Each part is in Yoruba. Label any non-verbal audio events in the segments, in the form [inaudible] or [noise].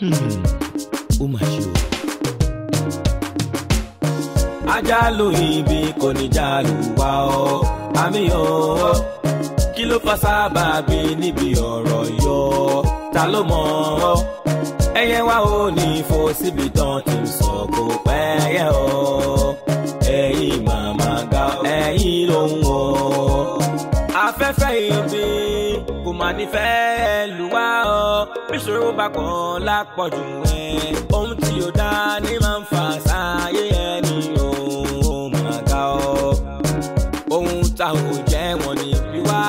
Hmm, ó mà ṣe ibi kò ní jálù wá ọ àmì ọ kí ló fa sábàbí níbi ọ̀rọ̀ yọ ta ló mọ̀ ọ́ ẹyẹ ga ẹ̀yin ló máa nífẹ̀ẹ́ lùwá ọ bíṣòro bá pọ̀ lápọ̀jù ẹ ohun tí ó dá ní máa ń fà sáyé ẹni òun ò máa ga ọ ohun táwọn ò wọn ní bí wá.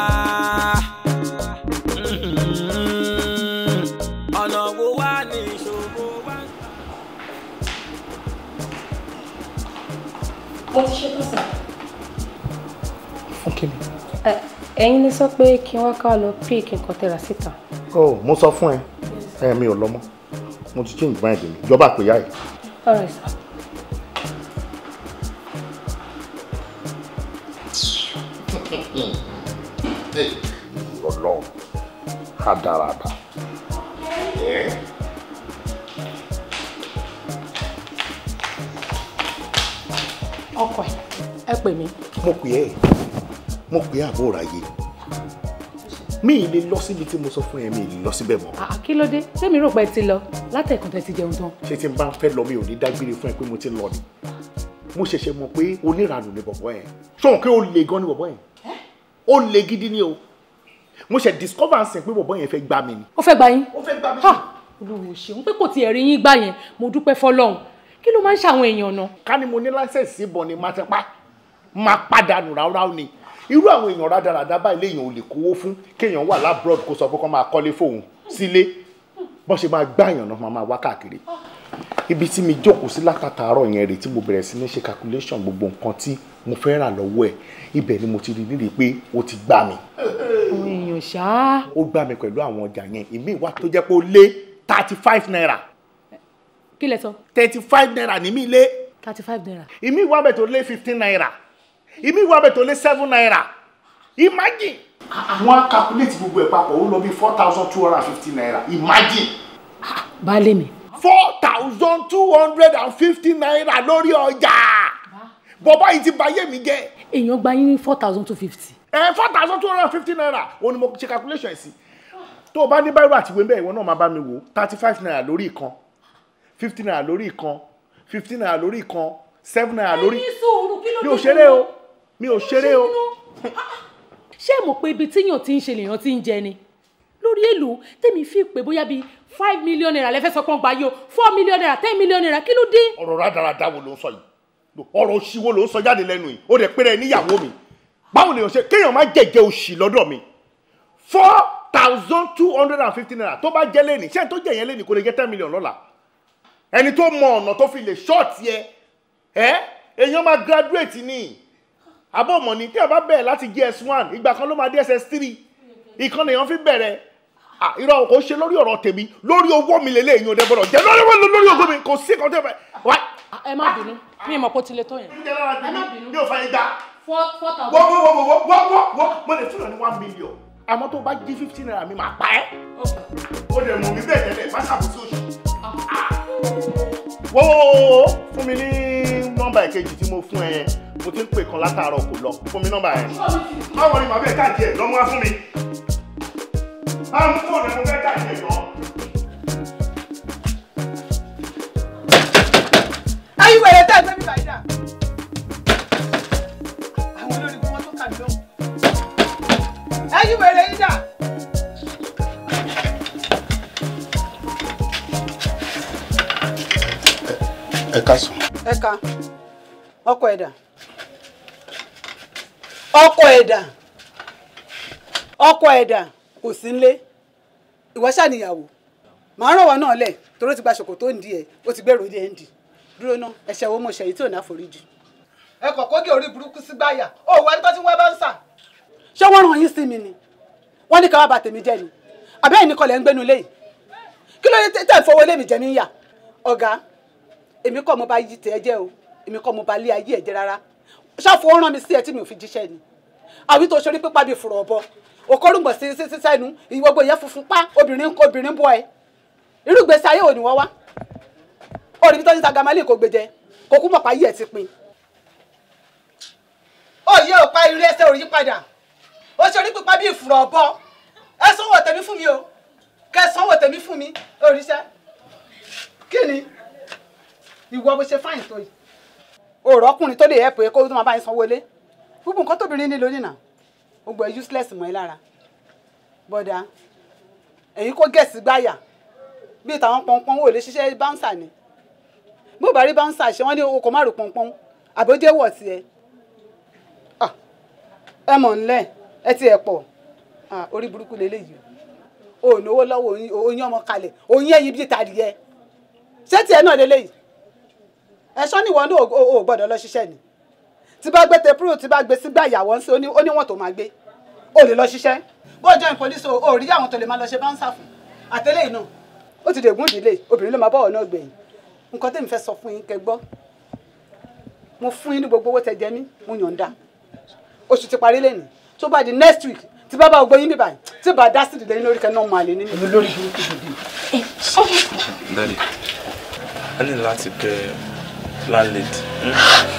Mm-hmm. ọ̀nà wo wá ẹ̀yin lè sọ pé kí wọ́n ká lọ pí kí n kàn tẹ̀ra síta. ó mo sọ fún ẹ ẹ mi ò lọ́mọ mo ti change mind mi ìjọba àpèyá yìí. all right ká dára dá. ọkọ ẹ pè mí. mo pè é mo pè àbò ráyè mi ì lè lọ síbi tí mo sọ fún ẹ mi ì lè lọ síbẹ̀ mọ́. Ah, kí ló dé tèmi rò pé ti lọ látẹ̀kùn tẹ̀ ti jẹun tán. ṣé tí n bá fẹ́ lọ mi ò ní dágbére fún ẹ pé mo ti lọ ni mo ṣẹ̀ṣẹ̀ mọ̀ pé oníranù ni bọ̀bọ̀ yẹn ṣóun pé ó le gan ni bọ̀bọ̀ yẹn ó le gidi ni o mo ṣe discover sin pé bọ̀bọ̀ yẹn fẹ́ gbá mi ni. ó fẹ́ gbá yín ó fẹ́ gbá mi ni. olùwò ṣeun pé kò tiẹ̀ rí yín gbà yẹn mo dúpẹ́ fọlọ́run kí ló máa ń ṣàwọn èèyàn náà. ká ní mo ní láìsẹ̀sì ìbọn ni máa ti pa máa padà ráúráú ni irú àwọn èèyàn rádaràda báyìí léèyàn ò lè kówó fún kéèyàn wà lábroad kó sọ pé kó máa kọ́lé fóun sílé bọ́n ṣe máa gbáàyàn náà máa máa wá káàkiri ibi tí mi jókòó sí látàtàárọ̀ yẹn rèé tí mo bẹ̀rẹ̀ sí ní ṣe calculation gbogbo nǹkan tí mo fẹ́ rà lọ́wọ́ ẹ̀ ibẹ̀ ni mo ti rí nílé pé o ti gbà mí. èèyàn ṣá. ó gbà mí pẹ̀lú àwọn ọjà yẹn ìmí ìwà tó jẹ́ pé ó lé thirty five naira. kí lẹ sọ. thirty five naira ní mi lé. thirty five naira. ìmí ìwà bẹ̀ tó lé fifteen naira ìmí ìwà bẹ̀ tó lé seven naira imagine. àwọn calculate gbogbo ẹ̀ papọ̀ ó lọ bí four thousand two hundred and fifty naira imagine. baálé mi. four thousand two hundred and fifty naira lórí ọjà bọ́bá yìí ti bayé mi jẹ́. èèyàn gba yín ní four thousand two fifty. ẹ four thousand two hundred and fifty naira òun ni mo ṣe calculation ẹ̀ sí tó o bá ní báyìí àtiwé bẹ́ẹ̀ ìwọ náà máa bá mi wò thirty five naira lórí ìkan fifty naira lórí ìkan fifty naira lórí ìkan seven naira lórí. ẹyin sùúrù kí ló dé dúró mi ò ṣeré o. ṣé mo ah, ah. pé ibi tíyàn ti ń ṣe lèèyàn ti ń jẹ ni lórí èlò tèmi fi pé bóyá bíi five million naira lẹ́fẹ̀ẹ́ sọ pé wọ́n gbà yó four million naira ten million naira kí ló dé. ọ̀rọ̀ rádaràda wo ló ń sọ yìí ọ̀rọ̀ òṣì wo ló ń sọ jáde lẹ́nu yìí ó rẹ̀ péré níyàwó mi báwo lèèyàn ṣe kéèyàn má jẹ̀jẹ̀ òṣì lọ́dọ̀ mi four thousand two hundred and fifty naira tó bá jẹ́ lẹ́nìí ṣé ẹni tó jẹ̀ yẹn lẹ́nìí kò lè jẹ́ ten million lọ́la ẹni tó mọ ọ̀nà tó fi lè ṣọ́ọ̀tì ẹ ẹ èèyàn máa graduate ni abọ́ọ̀mọ̀ ni tí a bá bẹ̀rẹ̀ láti gs1 ìgbà kan ló máa dss3 ìkan lèèyàn fi bẹ̀rẹ̀ irọ́ kò ṣe lórí ọ̀rọ̀ tèmi lórí owó mi lélẹ̀ èyàn ọdẹ bọ̀rọ̀ jẹ́ lórí owó lórí owó mi kò sí kan tẹ́ fẹ́. ẹ má bínú mi ì mọ̀ kó tilẹ̀ tó yẹn. ẹ má bínú mi ò fẹ́ gbà. wọ́n wọ́n wọ́n wọ́n wọ́n wọ́n mo lè fún ọ ní one million àmọ́ tó bá jí fifteen naira mi máa pa ẹ́. ó dẹ̀ mọ̀ mí bẹ́ẹ̀ tẹ́lẹ̀ má ṣàkóso oṣù. Ah. Ah. wọ́wọ́wọ́wọ́ fún mi ní nọ́mbà ìkejì tí mo fún ẹ mo ti ń pè kan látàárọ̀ kò lọ fún mi nọ́mbà yẹn. báwo ni màá bẹ̀ káàdì ẹ̀ lọ́mú wá fún mi. a mú fóònù ẹ̀ mo fẹ́ káàdì ẹ̀ lọ. ayé wẹ̀rẹ̀ tá a fẹ́ mi bàyí dà. àwọn olórí fún wọn tó kà lóhùn. ayé wẹ̀rẹ̀ yín dà. ẹ ká sùn. ẹ ká ọkọ ẹ dà. ọkọ ẹ̀dà ọkọ ẹ̀dà kò sí nílé ìwọ ṣàníyàwó màá wá náà lẹ̀ torí ti gba ṣòkòtò ń di ẹ̀ ó ti gbèrò ilé ẹ̀ ń di dúró náà ẹ̀ṣẹ̀ wo mo ṣẹ̀yìn tí ò ní àforíjì. ẹ kókè orí burúkú sí gbáyà ó wà wọn bá ràn yín sí mi ni wọ́n ní ká wá tèmi jẹ́ ni àbẹ́ ẹ̀yìn kọlẹ̀ ń léyìí kí ló tẹ̀ fowó jẹ́ mi yà ọ̀gá èmi kọ́ mo bá o èmi kọ́ mo bá lé ayé ẹ̀ jẹ́ rárá mi sí fi jíṣẹ́ ni àbí tó ṣe orí pípa bíi fùrọ̀ ọ̀bọ òkórùngbọ̀n sí sí sẹ́nu ìwọ́gbọ̀n yẹn funfun pa obìnrin obìnrin bọ́ ẹ irú ìgbésí ayé òní wọ́n wá òní bí tọ́jú sagamali kò gbèjẹ kò kú mọ̀pá yìí ẹ̀ ti pin. òye ò pa irú ẹsẹ̀ òrí padà ó ṣe orí pípa bíi fùrọ̀ ọ̀bọ ẹ sanwó tèmi fún mi o kẹ sanwó tèmi fún mi òrìṣẹ́ kí ni ìwọ bó ṣe fáyìn tó yìí òrọ́kùnrin tó lè ẹ̀ pé kó tó máa bá yín sanwó lé gbogbo nǹkan tóbìnrin nílò nìyà ó gbọ́ useless mọ́ ẹ lára bọ́dà èyí kó gẹ̀ẹ́sì gbáyà bíi tàwọn pọnpọ́n wò lè ṣiṣẹ́ báńsà ni bó bá rí báńsà ṣe wọ́n ní o kò má rò pọnpọ́n àbójẹ́ wọ̀ sí ẹ ẹ mọ̀ ńlẹ̀ ẹ ti ẹ̀ pọ̀ orí burúkú lélẹ́yìí o ò náwó lọ́wọ́ oyin ọmọ kalẹ̀ oyin ẹyin bíi tàdìyẹ ṣé tiẹ̀ náà lélẹ́yìí ẹ̀ṣọ́ nìwọ ní o gbọ́dọ̀ lọ ṣiṣẹ́ ni tí bá gbé tepuro tí bá gbé sígbà ìyàwó ń sí ó ní wọn tó máa gbé ó lè lọ ṣiṣẹ́ bó join police o ò rí àwọn tó lè máa lọ ṣe báńsà fún àtẹlẹ iná ó ti dègún ìdílé obìnrin ló máa bọ̀ ọ̀nà gbẹ̀yìn nǹkan tẹ́mi fẹ́ sọ fún yín kẹ́ mo fún yín ní gbogbo owó tẹ́ jẹ mí mo yọ̀ǹda oṣù ti parí lẹ́nu tó bá di next week tí bá bá gbọ́ yín bíbáyìí tí bá dá sí ìdílé yín lórí kẹ́ náà máa lè nínú. èmi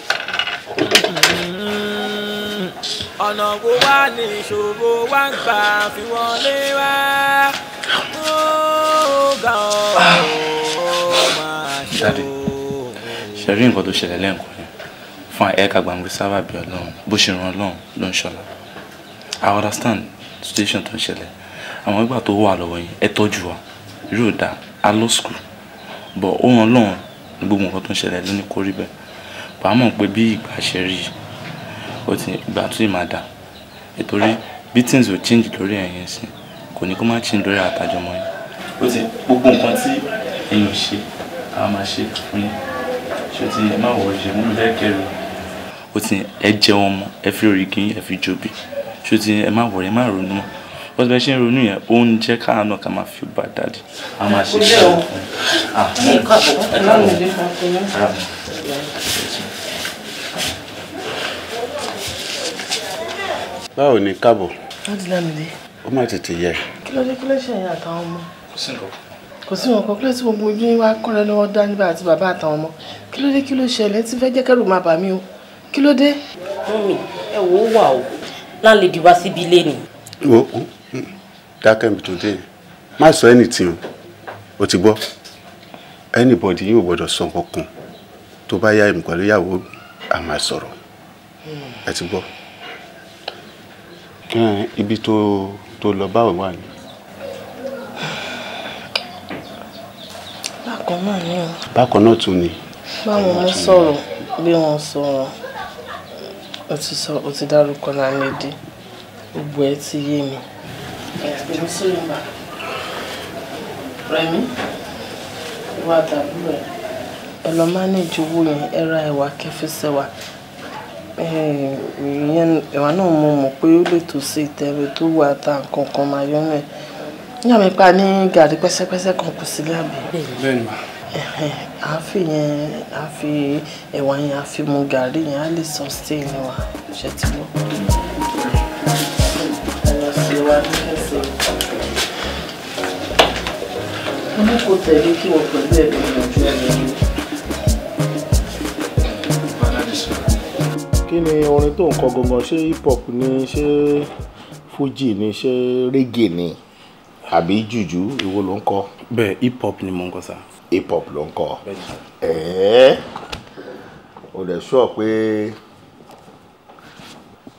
ọ̀nà wo wá ní ìṣòro wá ń gbà fi wọ́n lé wá ó ga ọ́ máa ṣe o. rí nǹkan tó ṣẹlẹ̀ lẹ́ǹkan yẹn fún ẹ̀ka gbàǹgbé sábà ọlọ́run bó ṣe ràn ọlọ́run ló ń ṣọlá I understand situation tó ń ṣẹlẹ̀ àwọn ìgbà tó wà lọ́wọ́ yín ẹ tọ́jú wa irú ìdá a lọ school but ó ràn ọlọ́run gbogbo nǹkan tó ń ṣẹlẹ̀ ló ní kórìí bẹ́ẹ̀ pàmò pé bí ìgbà ṣe rí i ó ti gbà tún ìmọ̀ dà nítorí bí things ò change lórí ẹ̀yìn sí kò ní kó má change lórí àtàjọ ọmọ yẹn ó ti gbogbo nǹkan tí ẹ̀yin ò ṣe àwọn máa ṣe fún yín ṣé ti ẹ má wọ ṣe mú mi fẹ́ kẹrù ó ti ẹ jẹ wọn mọ ẹ fi orí kí ẹ fi jobi ṣé ti ẹ má wọ ẹ má ronú mọ bó ti bẹ ṣe ń ronú yẹn ó ń jẹ káà náà ká máa fi bá dáàdì a máa ṣe é. báwo ni káàbọ̀. wọ́n ti lámìlẹ́. ó má tètè yẹ. kí ló dé kí ló ṣe ẹ̀yìn àtàwọn ọmọ. kò sí nǹkan. kò sí nǹkan kí ló ti gbogbo ojú wa kọ́ra lọ́wọ́ dání bá àti bàbá àtàwọn ọmọ kí ló dé kí ló ṣẹlẹ̀ tí fẹ́ jẹ́ kẹ́rù máa bà mí o kí ló dé. ẹ wò ó wà o láǹlẹ̀dì wá síbi ilé ni. wo dákẹ́ mi tó dé má sọ anything o o ti gbọ́ anybody yóò gbọ́dọ̀ sọ nǹkan kan tó bá yá ìmùkọ́lẹ́yàwó àmà sọ̀rọ̀ hmm. ẹ ti gbọ́. Hmm ibi tó tó lọ báwo wà ní. bákan náà ni o. bákan náà tún ni. báwo mo sọ̀rọ̀ bí wọ́n sọ̀rọ̀ o ti sọ o ti dárúkọ náà lédè gbogbo ẹ ti yé mi. Rẹ̀mí ìwà àdàbúrò ẹ̀ ẹ̀ lọ́ọ́ mánéjì owó yẹn ẹ̀ ra ẹ̀wà kẹfí sẹ́wà Eh, ìyẹn ẹ̀wà náà mo mọ̀ pé ó lè tó sí ìtẹ̀wé tó wà tá nǹkan kan máa yọ náà ní àmì pa ní gàrí pẹ́sẹ́pẹ́sẹ́ kan kù sílẹ̀ àbí. bẹ́ẹ̀ni ma. a fi yẹn a fi ẹ̀wà yẹn a fi mu gàrí yẹn a lè sustain wa ṣe ti mọ́. mo ní kò tẹ̀lé kí wọ́n pẹ̀lú ẹ̀dùn ìrìnàjò ẹ̀dùn. kí ni orin tó ń kọ gangan ṣé hip hop ni ṣé fuji ni ṣé reggae ni àbí jùjú ìwo ló ń kọ. bẹ́ẹ̀ hip hop ni mo ń kọ sá. hip hop ló ń kọ. ẹ̀ẹ́ o dẹ̀ sọ pé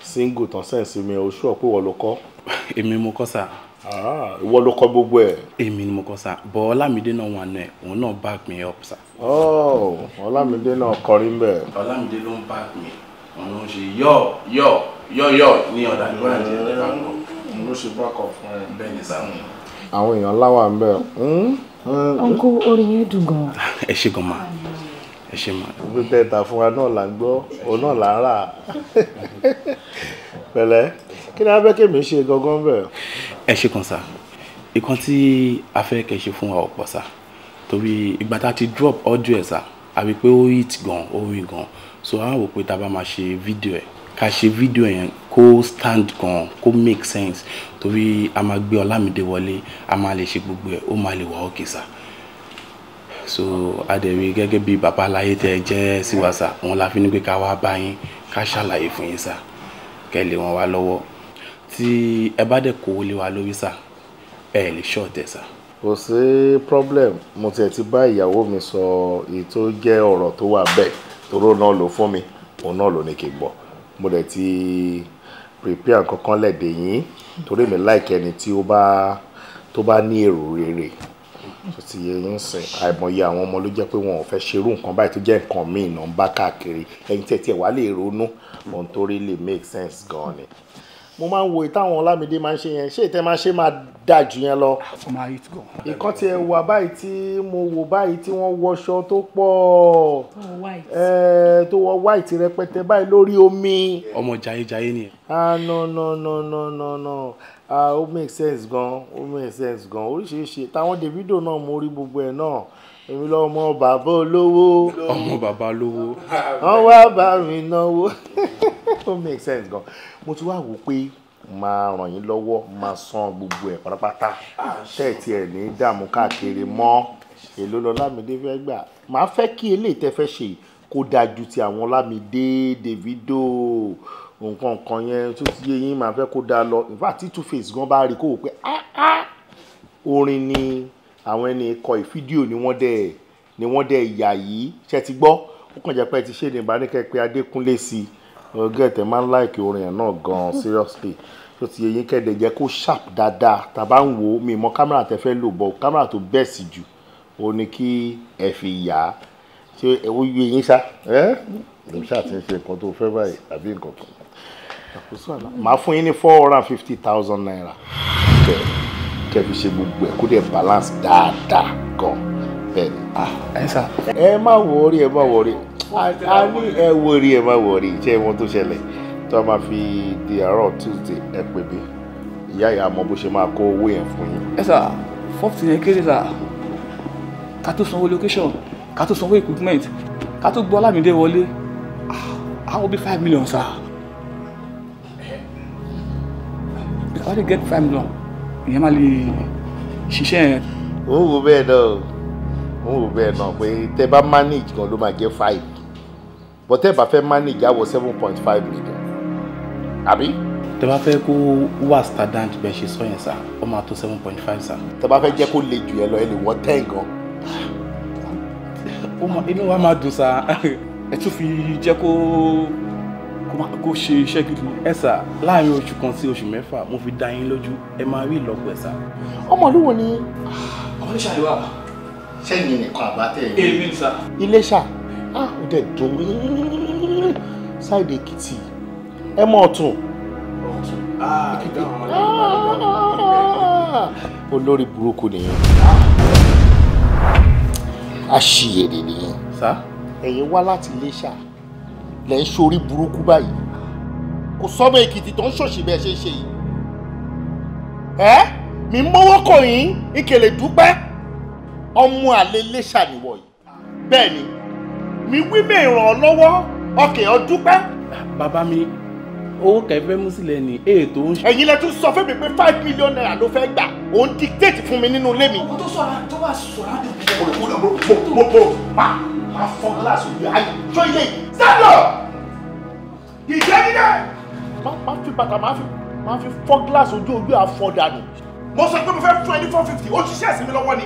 single tán sẹ́ǹsì mi o sọ pé wọ́n ló kọ. [laughs] èmi mo kọ sá ah, ìwọ ló kọ gbogbo ẹ. èmi ni mo kọ sa bọ ọlámídé náà wà náà òun náà back me up sa. Oh, ọlámídé náà kọrin bẹ́ẹ̀. ọlámídé ló ń back me wọn ló ń ṣe yọ yọ yọ yọ ní ọ̀dà ìgbọ́ràn jẹ́ ẹ̀rọ àgbọ̀ wọn ló ṣe bákọ̀ fún ẹ bẹ́ẹ̀ ni sáwọn èèyàn. àwọn èèyàn láwà ń bẹ. ọ̀nkú orin yẹn dùn gan-an. ẹ ṣe gan ma ẹ ṣe ma. pípẹ́ ta fún wa náà là gbọ́ òun náà là rà [laughs] pẹ̀lẹ́ kí ni abẹ́kẹ̀mí ṣe gangan bẹ̀. ẹ ṣe kan sá ìkan tí a fẹ́ kẹ́ ṣe fún wa ọ̀pọ̀ sá torí ìgbà tá a ti drop audio ẹ̀ sá àbí pé ó hit gan ó rin gan so a wò pé tá a bá máa ṣe fídíò ẹ̀ ká ṣe fídíò yẹn kó stand gan kó make sense torí a máa gbé Ọlámídé wọlé a máa lè ṣe gbogbo ẹ̀ ó máa lè wà òkè sá so adẹ̀rí gẹ́gẹ́ bí bàbá aláyé tẹ́ jẹ́ sí wa sá òun la fi ní pé ká wá bá yín ká ṣàlàyé fún yín sá kẹ́ lè ràn wá lọ́wọ́ tí ẹ bá dẹ̀ kówó lé wa lórí sá ẹ lè ṣọ̀tẹ̀ sá kò sí problem mo tiẹ̀ ti bá ìyàwó mi sọ èyí tó jẹ́ ọ̀rọ̀ tó wà bẹ́ẹ̀ toró náà ló fún mi òun náà ló ní kí n gbọ́ mo dẹ̀ ti prepare nǹkan kan lẹ́dẹ̀ yín torí mi láìkẹ́ ni tí ó bá tó bá ní èrò rere tó ti yẹ sìn àìmọye àwọn ọmọ ló jẹ́ pé wọn ò fẹ́ ṣerú nǹkan báyìí tó jẹ́ nǹkan míì náà ń bá káàkiri ẹ̀yin tẹ̀ tiẹ̀ wá lè ronú ohun tó rí lè make sense gan ni mo máa ń wo ìtàwọn Ọlámídé máa ń ṣe yẹn ṣé ìtẹ́ máa ṣe máa dà jù yẹn lọ. ìkan tí ẹ wà báyìí tí mo wò báyìí tí wọ́n wọṣọ tó pọ̀ tó wọ white rẹpẹtẹ báyìí lórí omi. ọmọ jayéjayé ni. ah no no no no no no ah ó make sense gan ó make sense gan oríṣiríṣi táwọn Davido náà mo rí gbogbo ẹ̀ náà èmi lọmọ bàbá olówó ọmọ bàbá olówó wọn wá bá mi náwó [laughs] ó make sense gan mo ti wá wò pé máa ràn yín lọ́wọ́ máa san gbogbo ẹ̀ pátápátá tẹ́ẹ̀tì ẹ̀ ní dààmú káàkiri mọ́ èló lọ́lámídé fẹ́ gbà máa fẹ́ kí eléyìí tẹ́ fẹ́ ṣe kó dájú ti àwọn Ọlámídé Davido nǹkan kan yẹn tó ti yé yín máa fẹ́ kó dáa lọ in fact tí Two Face gan bá rí kó wò pé ah, ah, orin ni àwọn ẹni ikọ̀ ìfídíò ni wọ́n dẹ̀ ni wọ́n dẹ̀ yà yìí ṣe ti gbọ́ ó kàn jẹ́ pé ti ṣe ìdìbò àníkẹ́ pé Adékúnlé sí i ọgá ẹ̀tẹ̀ máa ń láìkì orin yẹn náà gan-an [laughs] seriously tó ti yẹyin kẹ́dẹ̀ jẹ́ kó sharp dáadáa tàbá ń wo mi mọ kámẹ́rà tẹ fẹ́ lò bọ̀ kámẹ́rà tó bẹ́ẹ̀ sì jù ó ní kí ẹ fi yà á ṣé ó yẹ yín sá ẹ́ ló ṣáà ti ń ṣe nǹkan tó fẹ́ báyìí àbí nǹkan kan màá fún yín ní four hundred and fifty thousand naira kẹ́ fi ṣe gbogbo ẹ̀ kó dẹ̀ balance dáadáa gan bẹ́ẹ̀ ni. Ah, ẹ má wọrí ẹ má wọrí a ní ẹ wọrí ẹ má wọrí iṣẹ́ wọn tó ṣẹlẹ̀ tó a máa fi di àárọ̀ Tuesday ẹ pè mí ìyá ìyá mọ bó ṣe máa kó owó yẹn fún yín. ẹ sà fọ́ọ̀tì yẹn kéré sà ká tó sanwó location ká tó sanwó equipment ká tó gbọ́ Ọlámídé wọlé àwọn ah, bí five million sà. I only get five million ìyẹn má lè ṣiṣẹ́ yẹn. mo ń wo bẹ́ẹ̀ náà mo ń wo bẹ́ẹ̀ náà pé tẹ bá manage gan ló máa jẹ́ five but tẹ bá fẹ́ manage àwọ̀ seven point five million àbí. tẹ bá fẹ́ kó wà standard bẹ́ẹ̀ ṣe sọ yẹn sá ó máa tó seven point five sá. tẹ bá fẹ́ jẹ́ kó le jù ẹ lọ ẹ lè wọ ten gan. inú wa máa dùn sá ẹ tún fi jẹ́ kó kó ṣe iṣẹ́ gidi. ẹ sà láàrin oṣù kan sí oṣù mẹ́fà mo fi dá yín lójú ẹ máa rí ìlọ́po ẹ̀ sà. ọmọlúwo ni. ọmọ iṣẹ́ àdúrà wa sẹ́yìn nìkan àbátẹ̀ yìí. èmi sà. iléṣà á ò ah, dẹ̀ dùn ṣáìdì èkìtì ẹ mọ̀ ọ̀tún. ọ̀tún áà ìdáhùn ọ̀lẹ́ olórí burúkú nìyẹn aṣiyèrè nìyẹn ẹ̀yin wá láti iléṣà lẹ́ ń ṣorí burúkú báyìí kò sọ́mọ èkìtì tó ń ṣòṣì bẹ́ẹ̀ ṣe ń ṣe yìí ẹ́ mi mọ́wọ́ kò yín ìkèlè dúpẹ́ ọmọ àlè lẹ́ṣà nìwọ̀ yìí bẹ́ẹ̀ ni mi wí mi ràn ọ́ lọ́wọ́ ọkẹ́ ọ dúpẹ́. bàbá mi owó kẹfẹ́ mú sílẹ̀ ní ètò ń ṣe. ẹ̀yin lẹ tún sọ fún mi pé five million naira ló fẹ́ gbà òun dictate fún mi nínú ilé mi. ọkọ tó sọra tó wà sọra ló bí. mo mo mo mo mo ma ma fọ gíláàsì òbí ayé tó ilé sẹ́dọ̀ ìjẹ́ nílẹ̀. máa fi bàtà máa fi fọ gíláàsì ojú ojú àfọ̀dànù. mo sọ pé mo fẹ́ fún ẹ ní four fifty ó ṣiṣẹ́ sí mi lọ́wọ́ ni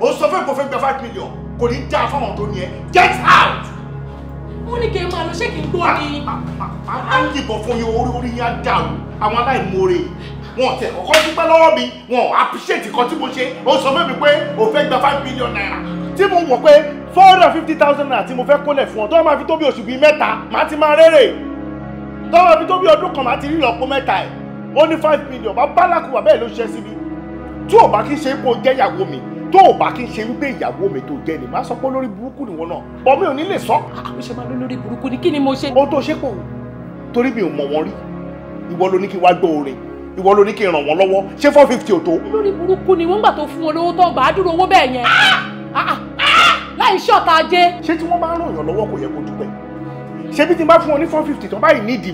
ó sọ fún mi pé mo fẹ́ gba five million kò ní dáa fáwọn tó ní ẹ get out wọ́n ní kí n máa lọ ṣé kí n gbọ́ ni. a ń yìnbọn fún yín orí orí yín á dàrú àwọn aláìmoore wọn tẹ kọ́kọ́ dúpẹ́ lọ́wọ́ mi wọn appreciate kan tí mo ṣe ó sọ fún mi pé o fẹ́ gba five billion naira tí mo wọ̀ pé four hundred and fifty thousand naira tí mo fẹ́ kólẹ̀ fún ọ tó máa fi tó bí oṣù bíi mẹ́ta màá ti máa rérè tó máa fi tó bí ọdún kan màá ti rí ìlọ́po mẹ́ta ẹ̀ ó ní five million bá bálàkùwà bẹ́ẹ̀ ló ṣe síbi tí ò bá kí ṣe é kó jẹ́ ìyàwó mi tó o bá kí n ṣe wípé ìyàwó mi tó jẹ́ ni má sọ pé olórí burúkú nìwọ náà bọ́ mi ò ní lè sọ. àmì ah, ṣe máa ló lórí burúkú ni kí ni mo ṣe. ohun tó ṣe kò torí mi ò mọ̀ wọ́n rí ìwọ ló ní kí wá gbọ́ orin ìwọ ló ní kí n ràn wọ́n lọ́wọ́ ṣé four fifty o tó. olórí burúkú ni wọ́n gbà tó fún wọn lówó tó gbà á dúró owó bẹ́ẹ̀ yẹn ah! Ah, láì ṣọ̀tá ajé. ṣé tí wọ́n bá ràn yàn lọ́wọ́ kò yẹ kó dúpẹ́ ṣé bí ti bá fún wọn ní four fifty tán báyìí ní ìdí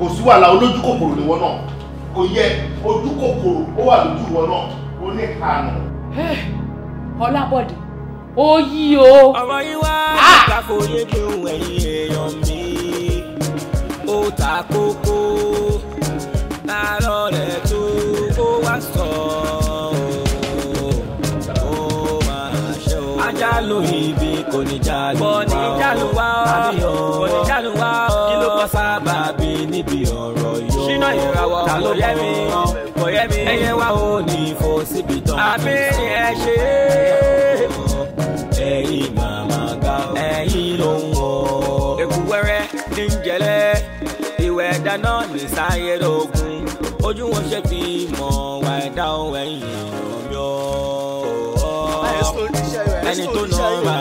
kò sí wàhálà olójú kòkòrò ni wọ́n náà kò yẹ ojú kòkòrò ó wà lójú wọn náà ó ní àná. ọlábọ̀dé ó yí o. ọ̀rọ̀ yìí wá nípa yé mi ò ẹ̀yìn èèyàn mi ó ta kókó àárọ̀ rẹ̀ tó ó wá sọ ó máa ṣe o. ajá ló ibi kò ní jálù wá o kò ní jálù wá wá o wọn sábà bí níbi ọ̀rọ̀ yóò. ṣínà ìràwọ̀ ta ló yẹ mi kò yẹ mi. ẹyẹ wa ò ní fò síbi tán. àbí ẹ ṣe é. ẹ̀yin màmá ga ọ. ẹ̀yin ló ń wọ. èkú wẹ́rẹ́ ní jẹlẹ ìwẹ̀ dáná ní sáyé lógún ojú wọn ṣe fi mọ̀ wá ẹ̀dá òun ẹ̀yìn ọ̀yọ́. ẹni tó nọ ra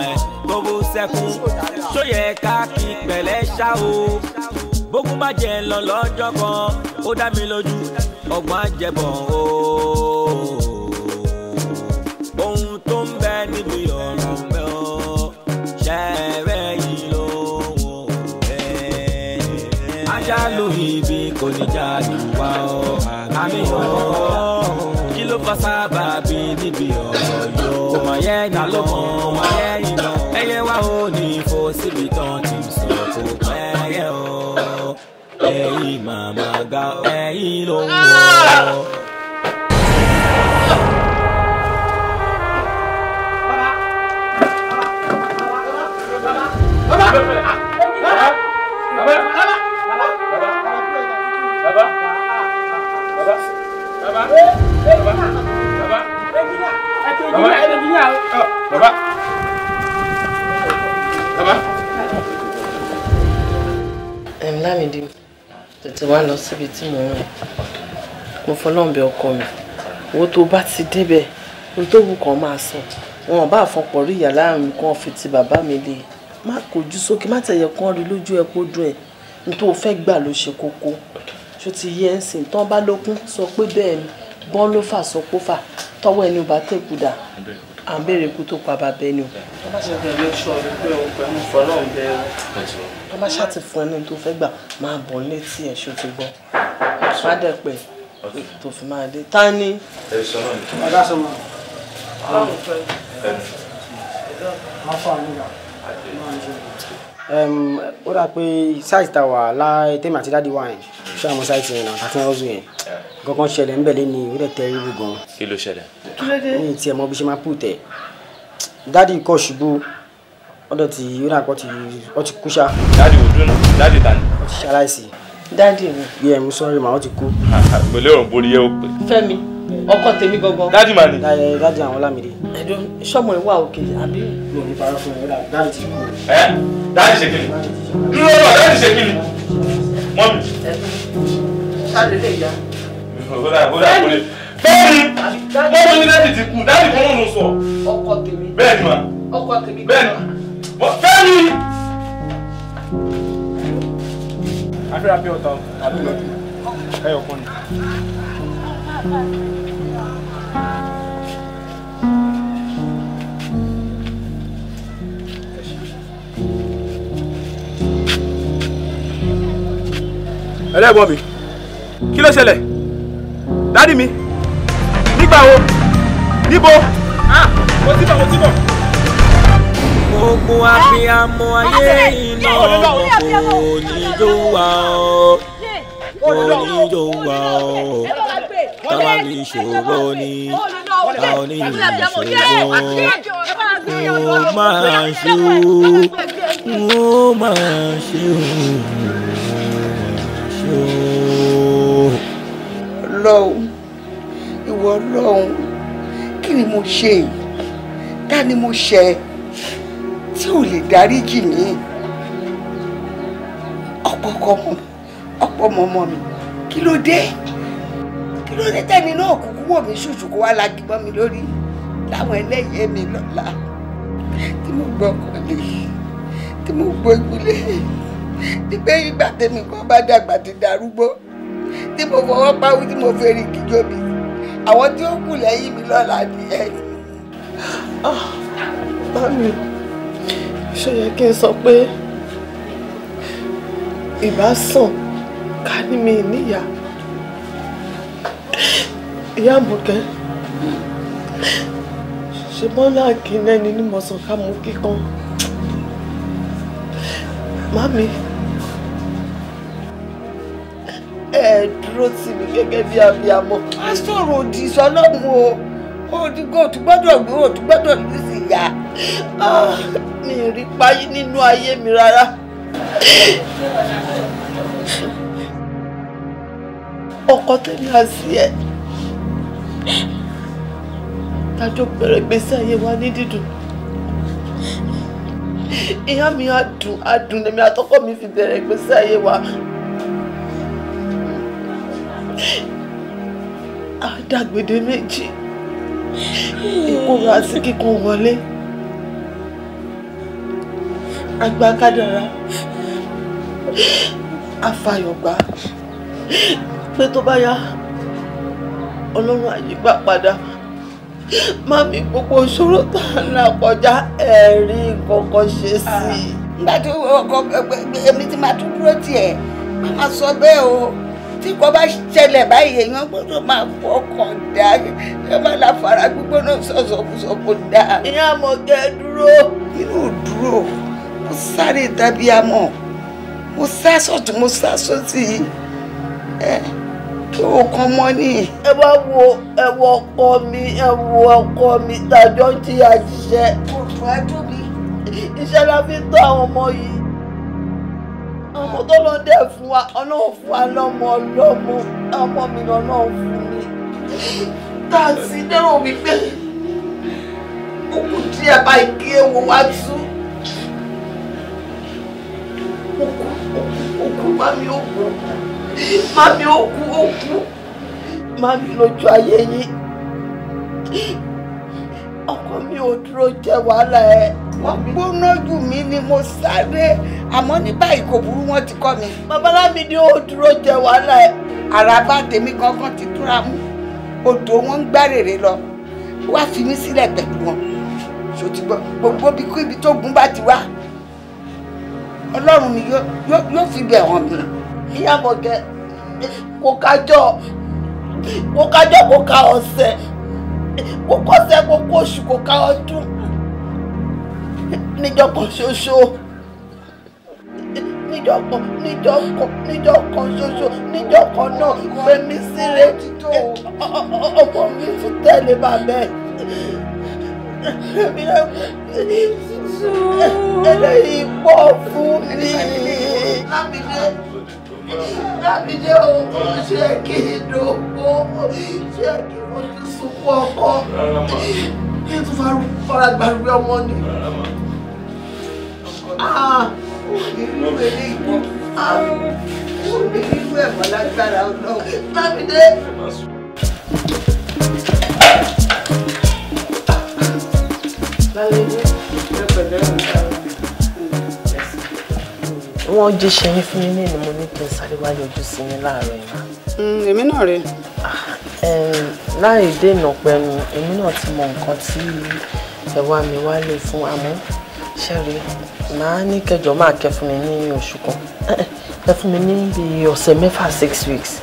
tó bó sẹ́kùn tó yẹ ká kí pẹ̀lẹ́ ṣá o bókun bá jẹ lọ lọ́jọ́ kan ó dá mi lójú ọgbọ́n àjẹbọ̀ o ohun tó ń bẹ níbi ọ̀rọ̀ ń o ṣẹ̀rẹ̀ yìí ló wò ẹ́. ajá ló ibi kò ní jáde wá o àmì ò ló kọ sábà bí níbi ọ̀yọ́. kò mọ̀ yẹ́ iná ló mọ̀ kò mọ̀ yẹ́ iná. ẹyẹ wá ó ní ifo síbi tán ti sọ kò pẹ́ yẹ ọ́. ẹ̀yin màmá ga ẹ̀yin ló ń wọ̀. Baba! Baba! Baba! Baba! bàbá bàbá bàbá bàbá bàbá bàbá. ẹ̀m lámìdí tètè wá lọ síbi tí mò ń rìn mo fọlọ́n bẹ ọkọ mi owó tó bá ti débẹ̀ ohun tó wù kàn máa sàn wọn ò bá àfọpọ̀ rí ìyá láàrin kan fi ti bàbá mi lè má kojú sókè má tẹ̀yẹ kan rí lójú ẹ kó dùn ẹ nítorí o fẹ́ gbà ló ṣe kókó ṣó ti yẹ ń sìn tán bá lókun sọ pé bẹ́ẹ̀ ni bọ́n ló fà sọ pé fà tọ́wọ́ ẹni ò bá tẹ̀kù dà à ń béèrè ikú tó pa bàbá ẹni o. wọ́n bá ṣe fẹ́ make sure wípé òun pẹ̀lú fọlọ́ ń bẹ ẹ́ wọ́n bá ṣàti fún ẹni tó fẹ́ gbà máa bọ̀ létí ẹ̀ ṣó ti gbọ́ má dẹ̀ pẹ̀ tó fi máa dé ta ni. ẹ sọ náà ni. ọ̀dà sọ ma. ọ̀dà sọ ma. ọ̀dà sọ ma ó dà pé site ta wà láì tèmi àti dáàdi wà yẹn ṣé àwọn site yẹn náà àti ọ̀sùn yẹn gangan ṣẹlẹ̀ ń bẹ̀ lẹ́ni ó dẹ̀ tẹ irú gan. kí ló ṣẹlẹ̀. kí ló dé. ní tiẹ̀ mọ bí ṣe máa pù tẹ̀ dáàdi kọ̀ ṣubú ọ̀dọ̀ tí ó dà pọ̀ tí ó ti kú ṣá. dáàdi ò dúró dáàdi ta ni. ó ti ṣaláìsí. dáàdi mi. bí ẹ̀ mú sọ́ọ́rì màá ti kú. Ah, ah, pẹ̀lú òrùn ọkọ tèmi gangan. dádì mà ni. dádì àwọn Lámídé. ẹ̀dùn ṣọ́mọ ìwà òkè àbí. mi ò ní parọ́ fún ẹ dádì ti kú. ẹ dádì ṣe kí ni dúró lọ dádì ṣe kí ni mọ́mí. ṣáà lè ya. bódà bódà kò lè. bẹ́ẹ̀ni mọ́mí ní dádì ti kú dádì kan ló sọ. ọkọ tèmi. bẹ́ẹ̀ni ma. ọkọ tèmi. bẹ́ẹ̀ni ma. bẹ́ẹ̀ni. afẹ́ra bí ọ̀tá àbí lọ́dún ẹ̀yọ̀kan ẹlẹ́gbọ́n mi kí ló ṣẹlẹ̀ dádì mi nígbà wo níbo Ah. ti bọ̀ mo ti bọ̀. ogun abiyamọ ayé iná oníjó wa o oníjó wa o táwa ní ìṣòro ni táwa ní ìṣòro ó máa ṣe ó ó máa ṣe ó. ọlọ́run ìwọ ọlọ́run kí ni mo ṣe yìí ta ni mo ṣe tí ò lè dáríjì mí ọ̀pọ̀ ọmọ ọ̀pọ̀ ọmọ ọmọ mi kí ló dé kí ló dé tẹ́ni náà kúkú wò mí ṣùṣù kó wá lagi mọ́ mi lórí láwọn ẹlẹ́yẹ mi lọ́la tí mo gbọ́ kọ́lé tí mo gbọ́ ìgbìlẹ̀ nígbẹ́ ìgbà tẹ́mi kan bá dàgbà ti darúgbó tí mo fọwọ́ pawú tí mo fèrè kíjọbi àwọn tí ó kù lẹ́yìn mi lọ́la ni ẹ. Bámi, ah, ṣe yẹ kí n sọ pé ìbá sàn ká ní mi níyà. Ìyá Àmọ̀kẹ́, ṣe bọ́lá kí n lẹ́ni ní mọ̀sán ká mú kíkan. Mami ẹ dúró tì mí gẹ́gẹ́ bí abiyamọ á sọ̀rọ̀ òdì ìsọlọ́mù o òdì gòtù gbọ́dọ̀ gbé òtù gbọ́dọ̀ ní ìyá ah, mi rí páyé nínú ayé mi rárá. ọkọ tẹ̀lé àṣì ẹ̀ tájọ bẹ̀rẹ̀ gbèsè ayé wa ní dídùn ìyá mi á dùn á dùn lèmi àtọkọ mi fi bẹ̀rẹ̀ gbèsè ayé wa àdàgbèdè méjì ìkóra àti kíkan wọlé àgbà kádàrá àfàyọ̀gbá pé tó bá yá ọlọ́run àyíká padà mami gbogbo ìṣòro tá a là kọjá ẹ̀rí kankan ṣe sí i. nígbà tí ọkọ èmi ti máa tún dúró tiẹ̀ má máa sọ bẹ́ẹ̀ o tí kò bá ṣẹlẹ̀ báyìí èèyàn gbọ́dọ̀ máa fọkàn dá ẹ má la fara gbígbóná sọ̀sọ̀kùsọ̀kù dá. ìyá àmọ̀kẹ́ dúró. inú dúró mo sáré dábíàmọ̀ mo sá sọ̀tún mo sá sósì ẹ o kan mọ́ ni. ẹ bá wo ẹwọ ọkọ mi ẹwọ ọkọ mi tàjọ ti àṣìṣe. kò tó a tóbi. iṣẹ́ la fi tọ́ àwọn ọmọ yìí ọmọ tó lọ dẹ̀ fún wa ọlọ́run fún wa lọ́mọ ọlọ́mọ ọmọ mi lọ́lọ́run fún mi tá a sì dẹ́rọ̀ mi pé kúkú díẹ̀ báyìí kí ewu wá tú òkú òkú mami òkú mami òkú òkú mami lójú ayé yín ọkọ mi ò dúró jẹ wàhálà ẹ wọ́n gbóná jù mí ni mo sáré àmọ́ ní báyìí kò burú wọ́n ti kọ́ mi. babalámi ni ó dúró jẹ wàhálà ẹ. àràbà tèmi kankan ti túra mú odò wọn ń gbá rèrè lọ wá fi mí sílẹ̀ pẹ̀lú wọn ṣòtìgbọ́ gbogbo bí kú ibi tó gún bá ti wá ọlọ́run mi yóò fi bẹ̀ hàn mí. ìyá mọ̀kẹ́ kò kájọ kò kájọ kò ká ọ̀sẹ̀ kò kọ́sẹ̀ kò kóṣù kò ká ọdún níjọ́ kan ṣoṣo níjọ́ kan níjọ́ kan níjọ́ kan ṣoṣo níjọ́ kan náà fẹmi síre ọmọ mi tún tẹ̀lé bàbá ẹ̀ eléyìí pọ̀ fún mi. Dábìdé òun ṣe kí ìdòwò ṣe kí ojú sunkún ọkọ kí n tún fara gbàgbé ọmọ Ah, inú mi ní ìbọn ó ní nínú ẹ̀fọ́ lágbára ọlọ́run lábídé. wọ́n jíṣẹ́ yín fún mi ní ìlú mo ní kí n sáré wá yọjú sí yín láàárọ̀ yìí. Hmm, èmi náà rèé. Ah láì dènà pẹ̀lú èmi náà ti mọ nǹkan tí ẹ̀wà mi wá lè fún àmọ́ ṣẹ́rí màá ní kẹjọ máa kẹ fún mi ní oṣù kan ẹ fún mi ní bíi ọ̀sẹ̀ mẹ́fà six weeks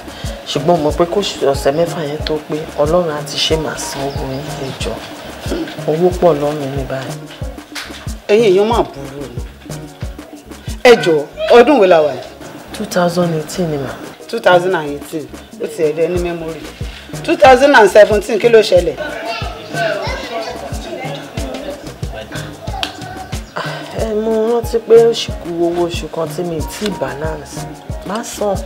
ṣùgbọ́n mo pé kó ọ̀sẹ̀ mẹ́fà yẹn tó pé ọlọ́run á ti ṣe màá san owó yín ẹjọ owó pọ̀ lọ́rùn ní báyìí. ẹ̀yin èèyàn máa burú ni ẹ jọ ọdún wo la wà yìí. two thousand eighteen ni mà. two thousand and eighteen ó ti ẹ̀dẹ̀ ní mẹ́mórì two thousand and seventeen kí ló ṣẹlẹ̀. Ah, ẹ mo rántí pé ó ṣì kù owó oṣù kan tí mi ti balance má san.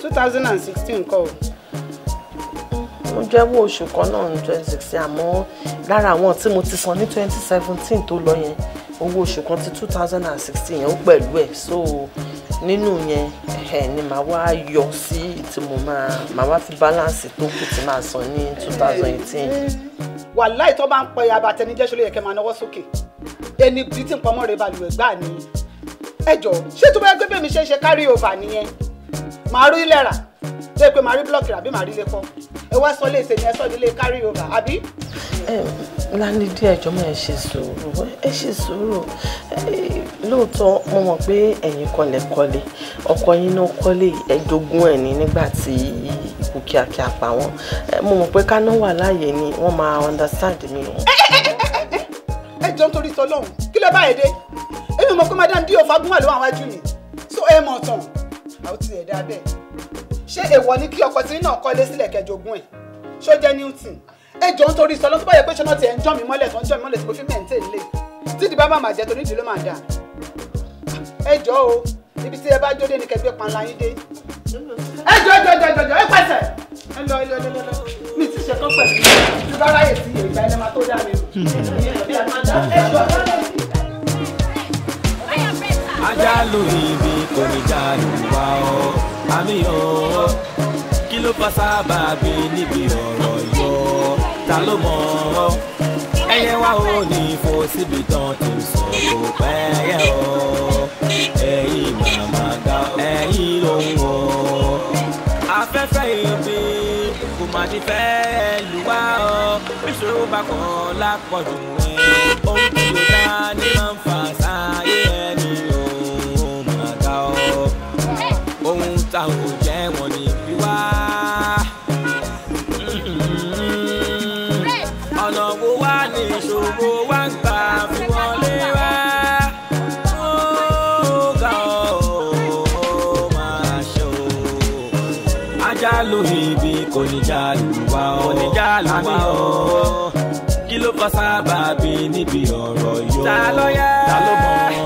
two thousand and sixteen kọ́ o. mo jẹ́wọ́ oṣù kan náà ní twenty sixteen àmọ́ lára àwọn tí mo ti san ní twenty seventeen tó lọ yẹn owó oṣù kan ti two thousand and sixteen yẹn ó pẹ̀lú ẹ̀ so nínú yẹn ẹ ni màá wá yọ sí tí mo máa màá wá fi balance tó kù tí màá san ní two thousand eighteen. wàláì tó bá ń pẹ yaba àtẹnijẹ́ ṣe ló yẹ kẹ́ máa náwó sókè ẹni bí tí nǹkan mọ́ rẹ̀ balùwẹ̀ gbà ní ẹjọ́ ṣé tó bá gbé bèmí ṣe ń ṣe carry over nìyẹn màá rí lẹ́ra tó yẹ pé màá rí blọọkì àbí màá rí ilé kọ́ ẹ wá sọ léèṣẹ ni ẹ sọ nílé carry over àbí. ẹ Lánídé ẹjọ́ mọ́ ẹ ṣe sùúrù ẹ ṣe sùúrù lóòótọ́ mo mọ̀ pé ẹ̀yin kọlẹ̀kọlẹ̀ ọkọ yín náà kọ́lé ẹ̀dógún ẹ̀ ní nígbà tí ikú kíákíá pa wọ́n mo mọ̀ pé káná wà láàyè ni wọ́n máa understand mi. ẹ jọ ń torí tọlọ́hún kí ló bá yẹ dé èmi mọ̀ pé madam dio fagunwa ló wà wájú mi so ẹ mọ̀ tán àwọn ti ẹ̀ dá bẹ́ẹ̀ ṣé èèwọ̀ ni kí ọkọ tí náà kọ́lé sílẹ̀ kẹjọgún ẹ̀ ṣó jẹ́ newton ẹ jọ ń torí sọlọ́n tó bá yẹ pé ṣọ́nà tiẹ̀ ń jọ́ mi mọ́lẹ̀ tó ń jọ́ mi mọ́lẹ̀ tí mo fi mẹ́ǹtẹ́ lé tí ìdìbò àmà màjẹ́ tó nídìí ló máa dà ẹ jọ o ibi tí ẹ bá jó dé ni kẹgbẹ́ pan láyé dé ẹ jọ jọ jọ jọ jọ ẹ pẹsẹ ẹ lọ ẹ lọ ẹ lọ mi ti ṣe tán pẹ̀lú ti bá ráyè sí ìgbà ẹlẹ́mà tó dá mi ẹ jọ jọ jọ ajá lórí ibi kò ní já lù wá ọ́ àmì yọ kí ló fa sábà bí níbi ọ̀rọ̀ yọ ta ló mọ̀ ẹyẹ wa ò ní fo síbi tán ti sọ kò pẹ́ yẹ ọ ẹ̀yin màmá ga ẹ̀yin ló ń wọ afẹ́fẹ́ ibi kò má ti fẹ́ ẹ lù wá ọ bí bá kàn lápọ̀jù ẹ ohun tí dá ní máa ń fà sáyé ẹni. ló wá o kí ló fa sábà bí níbi ọ̀rọ̀ yóò ta ló yẹ ta ló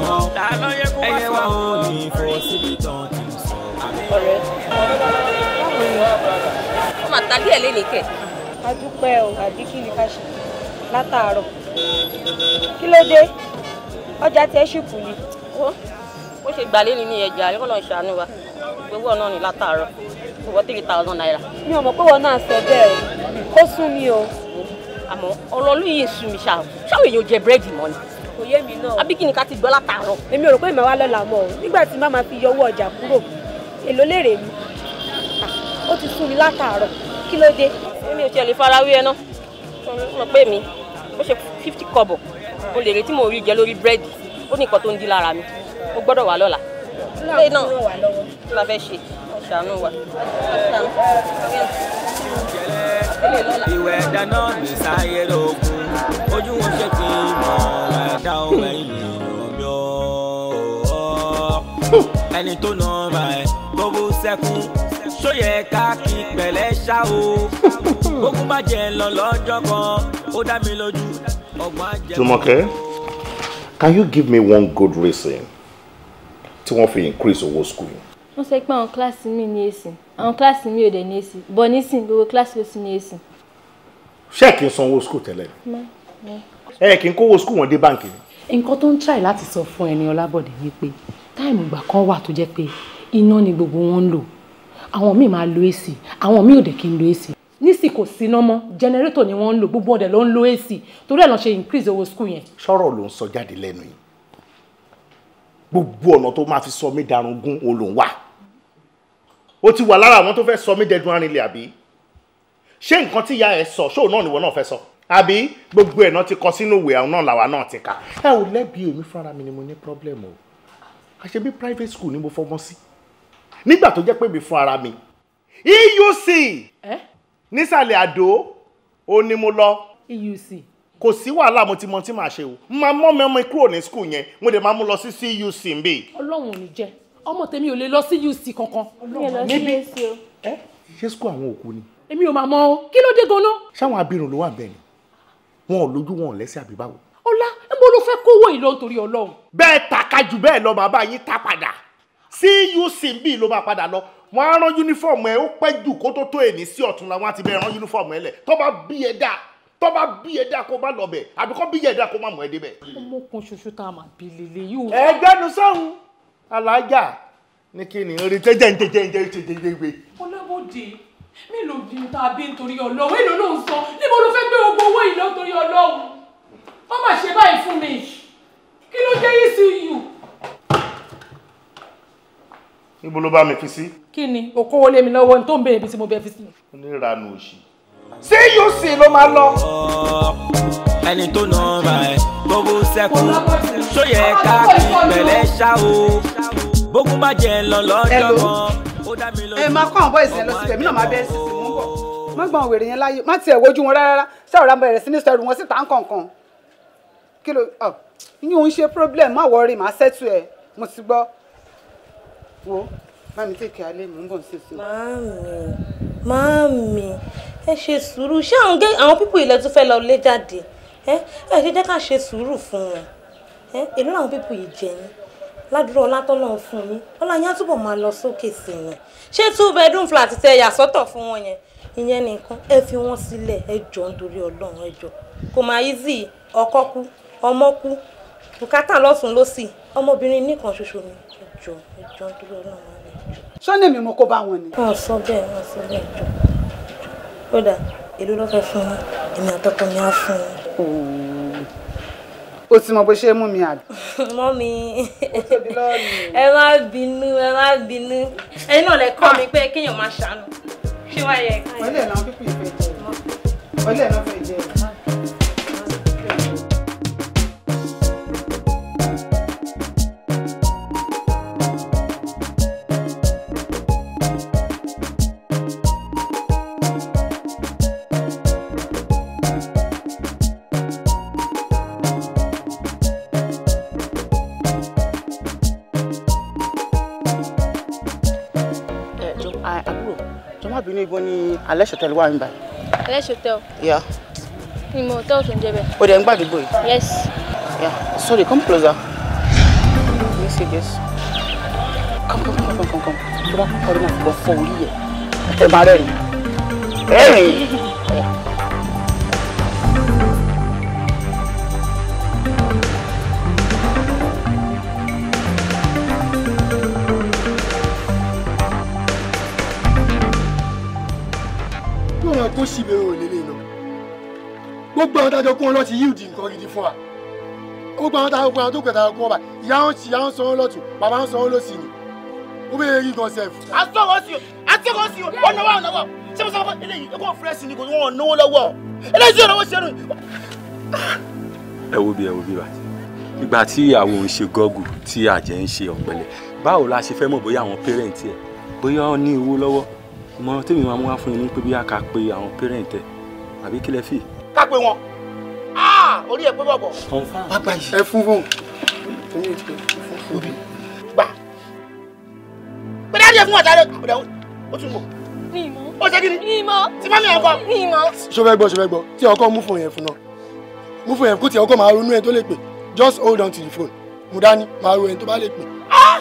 mọ̀ ta ló yẹ kó wá sọ ẹyẹ wa ò ní fọ síbi tán kì í sọ. ọ̀rẹ́ ọmọ àtàlí ẹ̀ lé nìkẹ́. a dúpẹ́ o àbí kí ni ká ṣe látàárọ̀ kí ló dé ọjà tí ẹ ṣìpù ó ṣe gbàlẹ́ ni ní ẹja ẹ̀rọ náà ṣàánú wa gbogbo ọ̀nà ni látàárọ̀ fún wọn three thousand naira. mi ò mọ̀ pé wọn náà sọ bẹ́ẹ̀ o kó sún mi o. àmọ́ ọ̀rọ̀ ló yìí sún mi ṣáà ṣáà èèyàn jẹ búrẹ́dì mọ́ ni. kò yé mi náà. àbí kí ni ká ti gbọ́ látàárọ̀. èmi ò rò pé ìmọ̀ wa lọ́la mọ́ o nígbà tí má máa fi yọ owó ọjà kúrò èló lè rè mí. ó ti sún mi látàárọ̀ kí ló dé. èmi ò tiẹ̀ lè fara wé ẹ náà mo pè mí ó ṣe fifty kọ́bọ̀ mo lè retí mo rí jẹ lórí búrẹ́dì ó ní nǹkan tó ń di lára mi ó gbọ́dọ̀ wà lọ́la ilé náà la fẹ́ ṣe ṣàánú wa. ìwẹ̀ dáná mi sáyé lókun ojú wọn ṣe kí n mọ̀ ẹ̀dá ọmọ ènìyàn yọ. ẹni tó nà ra ẹ̀ tó bú sẹ́kún sóyè ká kí pẹ̀lẹ́ ṣá o ogun bàjẹ́ lọ lọ́jọ́ kan ó dá mi lójú Jumoke, can you give me one good reason tí wọ́n fi increase owó school yìí. wọ́n sọ pé àwọn kíláàsì mi ní èsì àwọn kíláàsì mi ò dẹ̀ ní èsì bọ̀ nísìn gbogbo kíláàsì ló sì ní èsì. ṣé kì í san owó school tẹ́lẹ̀ ni. ẹ kì í kówó school wọn dé báǹkì ni. nǹkan tó ń try láti sọ fún ẹni Ọlábọ̀dé ni pé táìmù ìgbà kan wà tó jẹ́ pé iná ni gbogbo wọn ń lò àwọn míì máa lo èsì àwọn míì ò dẹ̀ kí ń lo èsì nísì kò sí iná mọ́ jẹnẹrétọ̀ ni wọ́n ń lò gbogbo ọ̀dẹ̀ ló ń lo èsì torí ẹ̀ lọ́n ṣe increase owó school yẹn. sọ̀rọ̀ ló ń sọ jáde lẹ́nu yìí gbogbo ọ̀nà tó máa fi sọ mí darungun olóhùn wà ó ti wà lára àwọn tó fẹ́ sọ mí dẹdun arinlẹ̀ àbí ṣé nǹkan tí ìyá ẹ sọ ṣóò náà nìwọ náà fẹ́ sọ àbí gbogbo ẹ̀ náà ti kọ sínú ìwé àwọn náà làwa náà ti kà ẹ ò lẹ́bi èmi fúnra mi ni mo ní pọ́blẹ́mù o àṣebí private school ni mo fọmọ sí nígbà tó jẹ́ pé mi fún ara mi EUC nísàlẹ̀ àdó ó ní mo lọ. EUC kò sí wàhálà mo ti mọ tí màá ṣe o máa mọ́ mi ọmọ kúrò ní skul yẹn mo dẹ̀ máa mú lọ sí CUC ń bì. ọlọ́run ò ní jẹ́ ọmọ tèmi ò lè lọ sí UC kankan. níbi ẹ ṣé skul àwọn òkú ni. èmi ò máa mọ o kí ló dé ganan. sáwọn abirùn ló wà bẹ́ẹ̀ ni wọn ò lójú wọn ò lẹ́sẹ̀ àbí báwo. ọlá ń bọ́ ló fẹ́ kówó ìlọ nítorí ọlọ́run. bẹ́ẹ̀ taka jù bẹ́ẹ̀ lọ bàbá yín ta padà CUC ń bì ló máa padà lọ wọn á rán yúnífọ̀mù ẹ ó pẹ́ jù kó tó tó sí ọ̀tún làwọn á ti bẹ̀rẹ̀ rán yúnífọ̀mù ẹ lẹ̀ tó bá bí ẹ dáa tó bá bí ẹ dá kó má lọ bẹ̀ àbí kó bí ẹ kó má mọ̀ ẹ́ débẹ̀. ọmọ kan ṣoṣo tá a máa bí lélẹ̀ yìí o. ẹgbẹ́nu sọ́hun alájà ní kí ni orí tẹ́jẹ́ ń tẹ́jẹ́ ń tẹ́jẹ́ ń tẹ́jẹ́ tá a bí nítorí ọlọ́run mélòó ló ń sọ níbo ló fẹ́ gbé gbogbo owó yìí lọ nítorí ọlọ́run wọ́n má ṣe báyìí fún mi kí ló jẹ́ yìí sí yù. níbo ló bá mi fi sí. kí ni òkòwò lé mi lọ́wọ́ ní tó ń bẹ̀rẹ̀ ibi tí mo bẹ fi sí. onírànù òṣì ṣé yóò sì ló máa lọ. ẹni tó nà ra ẹ tó bó sẹ́kù ká fi pẹ̀lẹ́ ṣá o bókun bá jẹ lọ lọ́jọ́ kan ó dá mi lójú. ẹ máa kó àwọn bọ́ọ̀sì yẹn lọ síbẹ̀ mí náà máa bẹ́ẹ̀ sì sí mú bọ̀ má gbọ́n wèrè yẹn láyé má tiẹ̀ wojú wọn rárá sọ̀rọ̀ ra bẹ̀rẹ̀ sí ní sọ̀rọ̀ wọn síta nkankan kí ló ọ yín òun ṣe problem má wọrí má sẹ́tù ẹ̀ mo ti gbọ́ wo bá mi tètè alẹ́ mi ń bọ̀ sí i. máàmì máàmì ẹ ṣe sùúrù ṣé àwọn gé àwọn pípò ilẹ̀ tó fẹ́ lọ lé jáde ẹ ẹ ṣe jẹ́ ká ṣe sùúrù fún wọn ẹ èló làwọn pípò yìí jẹ yín ládùúrà ọlátọ́lọ́run fún yín ọlá yín á túbọ̀ máa lọ sókè sí yẹn ṣé two bedroom flat tẹ yà sọ́tọ̀ fún wọn yẹn ìyẹn nìkan ẹ fi wọn sílẹ̀ ẹ jọ nítorí ọlọ́run ẹ jọ kò máa easy ọkọ kú ọmọ kú bùkátà lọ́sùn lọ́sì ọmọbìnrin nìkan ṣoṣo ni ẹ jọ ẹ jọ nítorí ọlọ́run ẹ jọ. sọ́nà mi mo kó bá wọn ni. wọn sọ bẹ́ẹ̀ wọn sọ bẹ́ẹ̀ jọ ó dà èló ló fẹ́ fún èmi àtọkọ mi á fún un. o ti mọ bó ṣe mú mi àbí. [laughs] mọ́ mi ẹ má bínú ẹ má bínú ẹ̀yin náà lè kọ́ mi pé kéèyàn máa ṣàánú ṣé wàá yẹ ká. ọlẹ́ náà pípé ìfẹ́ jẹ́ ọlẹ́ náà fẹ́ jẹ́ ibo ni Alex Hotel wà ń bá yìí. Alex Hotel. yeah. ni mo hotel tó ń jẹ bẹ́ẹ̀. o dẹ̀ ń gbàdúgbò yìí. yes. yeah sorry come closer. let me see this. come come come come come come tó bá kọ́ ọ́ náà lọ fọ orí yẹ ẹ máa rẹ́rìn-ín rẹ́rìn-ín. bó ṣì bẹ̀rẹ̀ òun lélẹ̀ lọ gbogbo àwọn tájọ kún wọn lọ́ọ́ ti yíùdì nǹkan gidi fún wa gbogbo àwọn tájọ kún wọn tó kẹta kún wọn bá ìyá wọn sì ìyá wọn sọ wọn lọ́tù bàbá wọn sọ wọn lọ́sì ni ó bẹ̀rẹ̀ rí gan sẹ́ẹ̀fù. àtọ́wọ́ sí o àtọ́wọ́ sí o wọ́n náwó àwọn náwó ṣé mo sọ fún eléyìí ẹ̀kọ́ fúrẹ́sì ni kò wọ́n náwó lọ́wọ́ eléyìí yóò náwó ṣe rìn. ẹ wo bí ẹ wo bí bàtí ìgbà tí ìyàwó ń ṣe gọ́gù tí àjẹ́ ń ṣe ọ̀pẹ̀lẹ̀ báwo la ṣe fẹ́ mọ̀ bóyá àwọn pẹ́rẹ́ǹtì ẹ̀ bóyá ó ní owó lọ́wọ́ ìmọ̀ràn tèmi máa mú wá fún yín ní pé bí a kà pé àwọn pẹ́rẹ́ǹtẹ̀ àbí kílẹ̀ fì. ká pé wọn ah, orí ẹ pé bọ̀bọ̀. bàbá yìí ẹ fún fún gbà pẹ̀lú àdìẹ fún ọ̀tá ọ̀dà ó tún bọ̀. mi mọ̀ ó ṣe kí ni. mi mọ̀ tí mọ́mí ọkọ. mi mọ̀. ṣọfẹ́ gbọ́ ṣọfẹ́ gbọ́ tí ọkọ mú fún yẹn fún náà mú fún yẹn kó tí ọkọ máa ronú ẹ tó lè pè just hold on to the phone mo dání máa ro ẹ tó bá lè pè. Ah!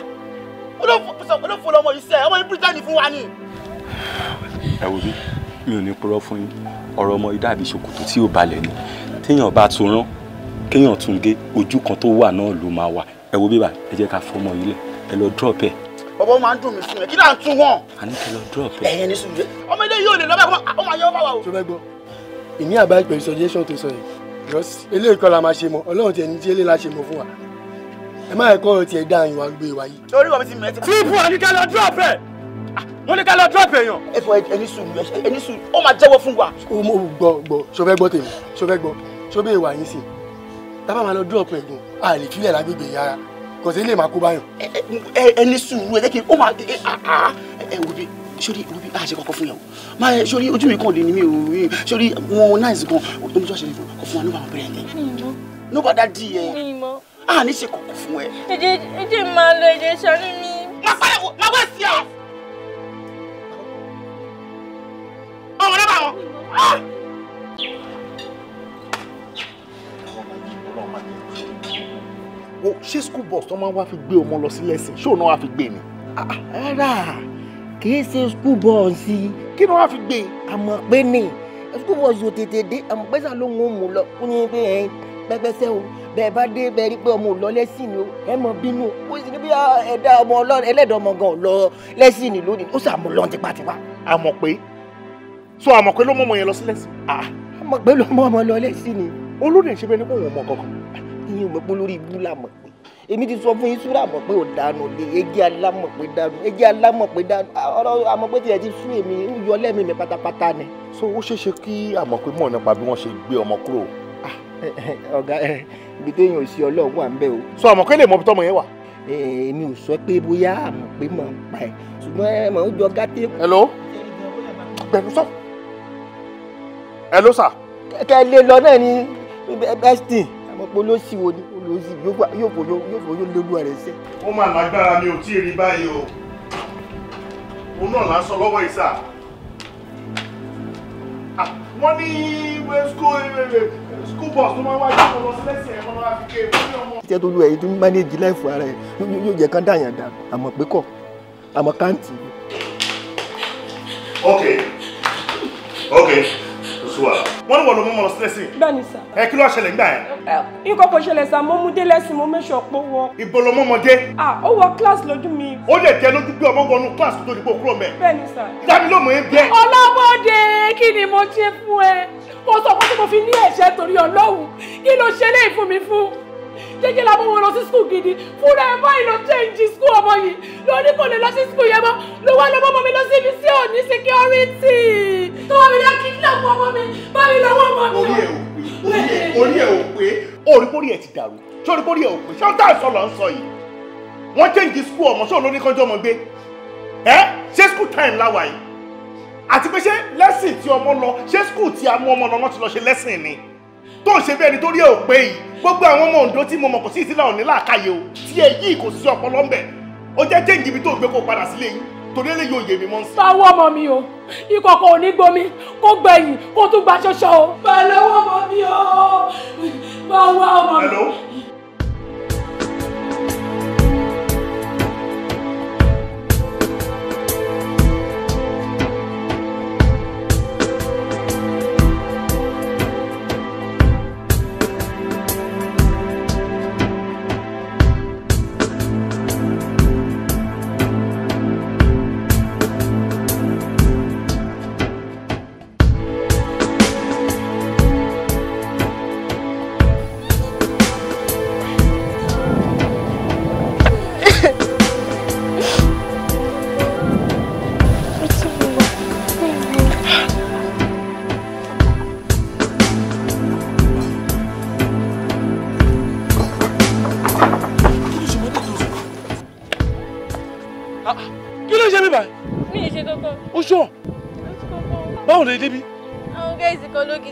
olófò lọmọ yìí sẹ ọmọ yìí Britain fún wa ni ẹ wo bí mi ò ní purọ́ fún yín ọ̀rọ̀ ọmọ idá àbí ṣòkòtò tí ò balẹ̀ ni téèyàn bá tún rán kéèyàn tún gé ojú kan tó wà náà ló máa wà ẹ wo bíbà ẹ jẹ́ ká fọmọ yìí lẹ̀ ẹ lọ drop ẹ̀. bọ́bọ́ máa ń dùn mí fún ẹ kí náà tún wọ̀n. a ní kí lọ drop ẹ. ẹyẹ ní sùnjẹ ọmọ ilé yóò lè lọ́bẹ̀ kó máa yọ ọ́ bá wa o. tó bẹ́ gbọ́ ìní àbá ìpè suggestion tó sọ yìí because eléyìí kọ́ la máa ṣe mọ́ ọlọ́run tiẹ̀ ní tí eléyìí la ṣe mọ́ fún wa ẹ má ẹ̀kọ́ tiẹ̀ dáhùn ìwà gbé wa yìí. torí wọn ti mẹ́tẹ̀. fíìpù àníkẹ́ lọ drop ẹ̀ wọ́n ní ká lọ drop èèyàn. ẹ fọ ẹni sùn ẹni sùn ó máa jẹ́wọ́ fún wa. o mo gbọ́ gbọ́ so fẹ́ gbọ́ tèmi so fẹ́ gbọ́ so bẹ́ẹ̀ wà yín sí i tábà máa lọ drop ẹ̀gbọ́n a lè filẹ̀ lágbègbè yàrá kò sí lè máa kó báyọ̀. ẹni sùn ẹ jẹ́ kí ó máa ẹ wò bí sori obi a ṣe kọkọ fún yẹn o máa sori ojú mi kàn lè ní mi ò rí sori wọn náìsì gan omi tó ṣe lè fún ọ fún wa nígbà wọn bẹ̀rẹ̀ yẹn. nígbà dá di yẹn a ní ṣe kọkọ fún ẹ. èdè èdè máa lọ èdè sọrí mi. má pariwo má wá sí ọ. Ah! o ṣé school bus tó máa wá fi gbé ọmọ lọ sí lẹ́sìn ṣé òun náà wá fi gbé ni. Ah, ah, rárá kìí ṣe school bus yìí. kí ni wọ́n á fi gbé. àmọ́ pé ni school bus yóò tètè dé àmọ́ pé sàn ló ń mú lọ ó ní pé ẹ pẹpẹsẹ o bẹ́ẹ̀ bá dé bẹ́ẹ̀ rí pé ọmọ ò lọ lẹ́sìn ni o ẹ mọ bínú o sì ní bí ẹ̀dá ọmọ ẹlẹ́dọ̀ọ́mọ gan lọ lẹ́sìn ni lónìí ó sàmúlọ́ọ̀ tipátipá. àmọ́ pé so àmọ̀ pé ló mọ̀mọ̀ yẹn lọ sí lẹ́sìn. àmọ̀ pé ló mọ̀mọ̀ lọ lẹ́sìn ni. olórí ẹ̀ ṣe bẹ́ẹ̀ ni kò wọ́n mọ̀ kankan. ìyẹn mọ̀ pé olórí ibú là mọ̀ pé èmi ti sọ fún yín súrà mọ̀ pé ò dànù lè egi alámọ̀ pé dànù egi alámọ̀ pé dànù ọ̀rọ̀ àmọ̀ pé tiẹ̀ ti sú èmi ń yọ lẹ́mìí mi pátápátá ni. so ó ṣeé ṣe kí àmọ̀ pé mọ̀ nípa bí wọ́n ṣe gbé ọmọ kúrò. ọ̀gá ibi téèyàn ò sí ọlọ́run wà ń bẹ̀ o. so àmọ̀ kí lè mọ ibi tọ́mọ yẹn wà. èmi ò sọ pé bóyá àmọ̀ pé mọ̀ ń pa ẹ̀ ṣùgbọ́n ẹ̀ mọ̀ ó jọ gátẹ́. hello gbẹ̀rù sọ́ọ̀ ẹ ló sà. kẹ lè lọ náà ni bestin àmọ́ pé olóṣì wo ni olóṣì yóò fò yóò lólu ẹ̀rẹ̀ sẹ́. ó mà lágbára mi ò tí ì rí báyìí o òun náà là ń sọ lọ́wọ́ ìsà ah, wọ́n ní school bus tó máa ń wájú ọmọ sí lẹ́sìn ẹ̀kọ́ máa fi ké e fún ọmọ. iṣẹ́ tó lu ẹ̀yìn tó ń mánéjì láìfọ ara ẹ̀ yóò jẹ́ kán dàyàn dà àmọ́ pé kọ̀ àmọ́ káǹtì. okay okay ṣùgbọ́n wọ́n ní wọ́n lọ mú mọ́ lọ sílẹ̀ sí. bẹ́ẹ̀ ni sà. ẹ kí ló ṣẹlẹ̀ ńgbà yẹn. Eh, nǹkan kò ṣẹlẹ̀ sà mo mú dé lẹ́sìn mo mẹ́sọ̀ pé wọ. ibo ló mọ́ ọmọdé. ah ó wọ kíláàsì lójú mi. ó lè tẹ lójú pé ọmọ wọnú kíláàsì tó dìbò kúrò mẹ́. bẹ́ẹ̀ sà. dábì ló mọ̀ ẹ́ bẹ́ẹ̀. ọlọ́mọdé kí ni mo ṣe fún ẹ mo sọ pé mo fi ní ẹ̀ṣẹ̀ torí Ọlọ́run kí ló ṣe léè fún mi fún jẹ́ kí làbọ̀ wọn lọ sí skul gidi fúnra ẹ̀ báyìí ló change skul ọmọ yìí lórí kò lè lọ sí skul yẹn mọ́ ló wá lọ́mọ́ mi lọ sí ibi tí ò security. tọ́wọ́ mi lọ́ọ́ kí n ọmọ mi bá mi ọmọ mi. orí ẹ̀ ò pé orí bórí ẹ̀ ti dàrú sórí bórí ẹ̀ ò pé ṣé ó dá ìsọ lọ ń sọ yìí wọ́n change skul ọmọ sóò lórí kọjọ́ ọmọ gbé ẹ ṣé skul time láwa yìí àti pé ṣé lẹ́sìn tí ọmọ lọ ṣé skul tí a mú ọmọ lọ wọ́n ti lọ ṣe lẹ́sìn ni tó ń ṣe bẹ́ẹ̀ ni torí ẹ̀ ò pé yìí gbogbo àwọn ọmọ Ondo tí mo mọ̀ kò sí ìsílẹ̀ òní làákàyè o tí ẹ yìí kò sí ọpọlọ ń bẹ̀ ó jẹ́ jẹ́ǹjì ibi tó gbé kó padà sílé yìí torí ẹ lè yóò yé mi mọ́ sí. báwo ọmọ mi o ìkọ̀kọ̀ ò ní gbomi kó gbẹ̀yìn kó tún gba ṣoṣo o. pẹ̀lú ọmọ mi o báwo ọmọ mi.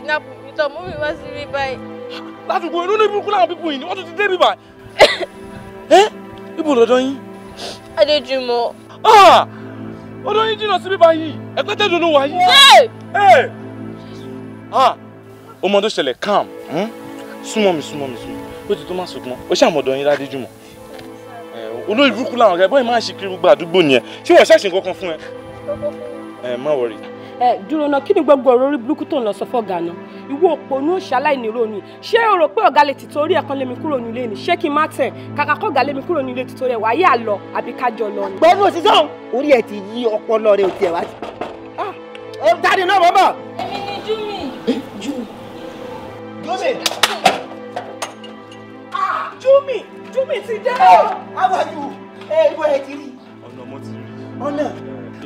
kidnap mi tán mú mi wá sí mi báyìí. you inú ní burúkú làwọn pípọ̀ yìí ni wọ́n tún ti dé bíbá. ẹ ibo lọ́dọ̀ yín. adéjúmọ̀. ọ̀dọ̀ yín jìnnà sí bíbá yìí ẹgbẹ́ tẹ́jọ́ ló ah! wà yìí. ọmọ tó ṣẹlẹ̀ calm hmm? súnmọ́ mi súnmọ́ mi súnmọ́ ó ti tó má sùn mọ́ ó ṣàmọ̀dọ̀ yín ládéjúmọ̀ eh, olórí burúkú làwọn ọ̀gá ẹ̀ bọ́ọ̀ máa ṣe kiri gbogbo àdúgbò nìyẹn ṣé wọ́n ṣàṣìn kankan fún ẹ. ẹ eh, má wọrí ẹ dúró náà kí ni gbogbo ọ̀rọ̀ orí burúkú tó ń lọ sọ fọ́gà náà ìwọ òpònú òṣì aláìníró ni ṣé o rò pé ọ̀gá lè tìtorí ẹ̀kan lémi kúrò nílé ni ṣé kí n má tẹ̀ kàkà kọ́ ọ̀gá lémi kúrò nílé tìtorí ẹ̀ wá yà lọ àbí kájọ lọ ni. pẹ̀lú òṣìṣẹ́ orí ẹ̀ ti yí ọpọlọ rẹ̀ ò tiẹ̀ wá sí. Ah! ó jáde náà bọ́bọ̀. èmi ni júmi. Eh, júmi. Ah, júmi júmi ti dé. àwàjù eh! ẹ̀ eh, ìwọ ẹ̀ ti rí. ọ̀nà mo ti rí. ọ̀nà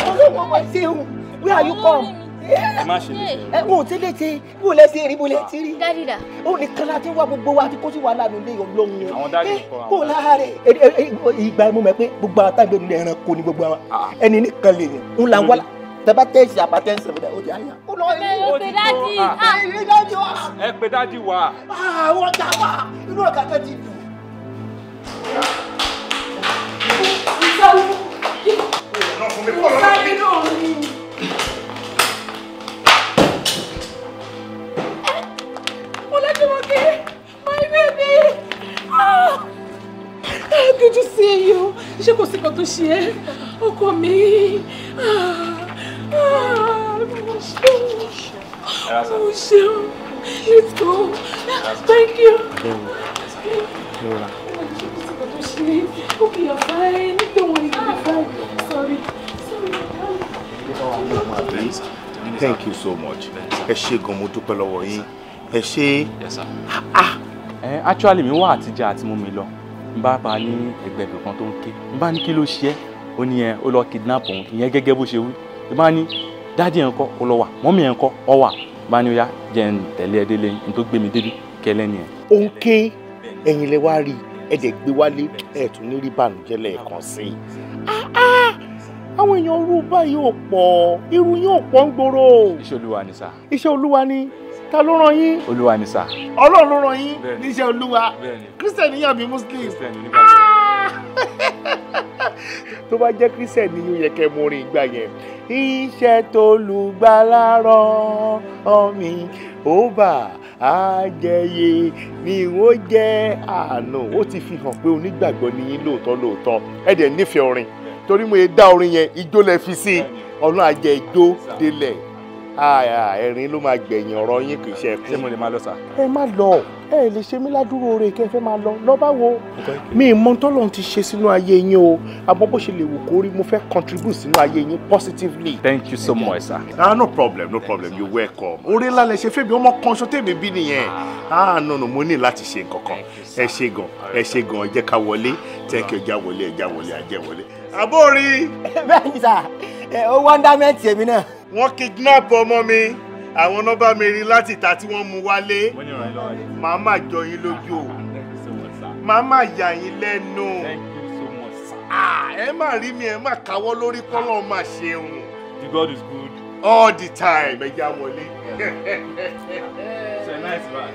ọ̀nà mo ti ṣe where are you from? ẹ má ṣe léṣe. ẹ wò ó ti léṣe wò lẹ́sẹ̀ rí wò lẹ́sẹ̀ rí. dáàdì dà. ó ní kálá tí wà gbogbo wa ti kó sí wàhálà mi lé ọlọ́run yẹn. àwọn dáàdì kọ àwọn. kó lára rẹ ìgbà ẹ mú mi pé gbogbo àwọn táwọn ìgbẹ́nu ẹran kò ní gbogbo àwọn ah. ẹni nìkan lè rìn ń la wàhálà tẹ́bá tẹ́sí àbátẹ́sẹ̀ mi dẹ̀ ó di àyà. ó pe ah. dáàdì wa. ẹ pe dáàdì wa. Ah, àwọn ọjà wa inú ọ̀gá tẹ́ ti dùn. ìjọba ìjọba ìjọba ìjọba good to see you ṣé kò sí kan tó ṣe ẹ́ ọkọ mi ah, ah, mo let's go thank you. Laura. Okay, you're fine. Don't worry, you're fine. Sorry. Sorry, Thank you so much. Ẹ ṣé gan mo dúpẹ́ lọ́wọ́ yín. Ẹ ṣé. Ah, eh, actually mi wá àtijọ́ àti mú mi lọ n bá bá ní ẹgbẹ́ ibì kan tó ń ké n bá ní kí ló ṣe é ó ní ẹ ó lọ kidnap òun ìyẹn gẹ́gẹ́ bó ṣe wí n bá ní dáàdì ẹ̀ ń kọ́ ó lọ wà mọ́mí ẹ̀ ń kọ́ ọ wà n bá ní ó yá jẹ́ ń tẹ̀lé ẹ délé n tó gbé mi débi kẹ́lẹ́ ni ẹ̀. ó ń ké ẹ̀yin lẹ wá rí ẹ̀dẹ̀ gbé wálé ẹ̀ tún ní rí bànújẹ́ lẹ́ẹ̀kan sí i. Ah, ah! àwọn èèyàn rú báyìí ò pọ̀ irú yóò pọ̀ ń gbòòrò. iṣẹ́ olúwa ni sá. iṣẹ́ olúwa ni ta ló rán yín. olúwa ni sà. ọlọ́run ló rán yín níṣẹ́ olúwa christian níyàn bí muslim. [laughs] tó bá jẹ́ christian ni yóò yẹ kẹ́ mú orin ìgbà yẹn. iṣẹ́ tó lùgbàlà rán ọ mi ó bà á jẹyè ni ó jẹ́ àánú ó ti fi hàn pé onígbàgbọ́ ni yín lóòótọ́ lóòótọ́ ẹ nífẹ̀ẹ́ orin torí mo yẹ dá orin yẹn ijó lẹ fi sí ọlọ́run àjẹ ijó délẹ̀ ẹ̀rín ló máa gbẹ̀yìn ọ̀rọ̀ yín kì í ṣe ẹ̀kún. ṣé mo lè máa lọ sà. ẹ má lọ ẹ lè ṣe mí ládùúró rẹ kẹ fẹ́ máa lọ lọ bá wo mi mọ tọ́lọ́run ti ṣe sínú ayé yín o àmọ́ bó ṣe lè wò kó mo fẹ́ contribute sínú ayé yín positively. thank you so much sir. ah no problem no problem you welcome. orí ńlá lẹ ṣe fẹ́mi ọmọ kan ṣo tèmi bí nìyẹn ah. ah no no mo ní láti ṣe nǹkan kan ẹ ṣe gan ẹ ṣe gan ẹ jẹ́ ká wọlé tẹ́kì ọjà wọlé ẹjà wọlé ajẹ́ àbórí. bẹ́ẹ̀ ni sà owó ọ̀ndámẹ́ǹtì èmi náà wọ́n kidnapped ọmọ mi àwọn nọ́bà mi rí láti ìta tí wọ́n mú wálé màá má jọ yín lójú o màá má yà yín lẹ́nu ẹ má rí mi ẹ má káwọ́ lórí kọ́lọ́ má ṣeun. the God is good. all the time ẹ já wọlé. so nice man.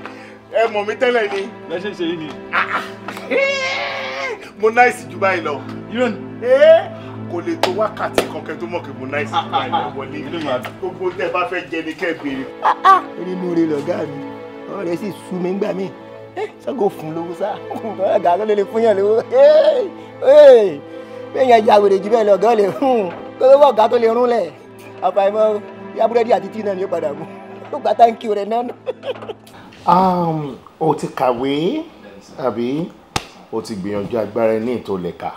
ẹ mọ̀ mi tẹ́lẹ̀ ni. ẹ ṣe ṣe yìí ni. Ah, ah. mo náà jù báyìí lọ. you don't. Eh? kò lè tó wákàtí kankan tó mọ̀ kí mo náà ìsìnkú àìlẹ̀ wọlé gbogbo tẹ́ bá fẹ́ jẹ ní kẹ́gbèrè. eré mo rè lọ́gá mi ọ̀rọ̀ rẹ̀ sì sú mi gbà mí eh? ṣọ́gò fún lówó sá ọ̀gá tó lè fún yàn lówó bẹ́ẹ̀ yẹn jàwèrè jù bẹ́ẹ̀ lọ́gá lè fún kó lówó ọ̀gá tó lè rún lẹ̀ àfàìmọ̀ yá búrẹ́dì àti tíì náà ni ó padà mú ó gbà táǹkì rẹ̀ náà. Um, o ti kàwé àbí o ti gbìyànjú agbára ẹni ìtòlẹ̀ka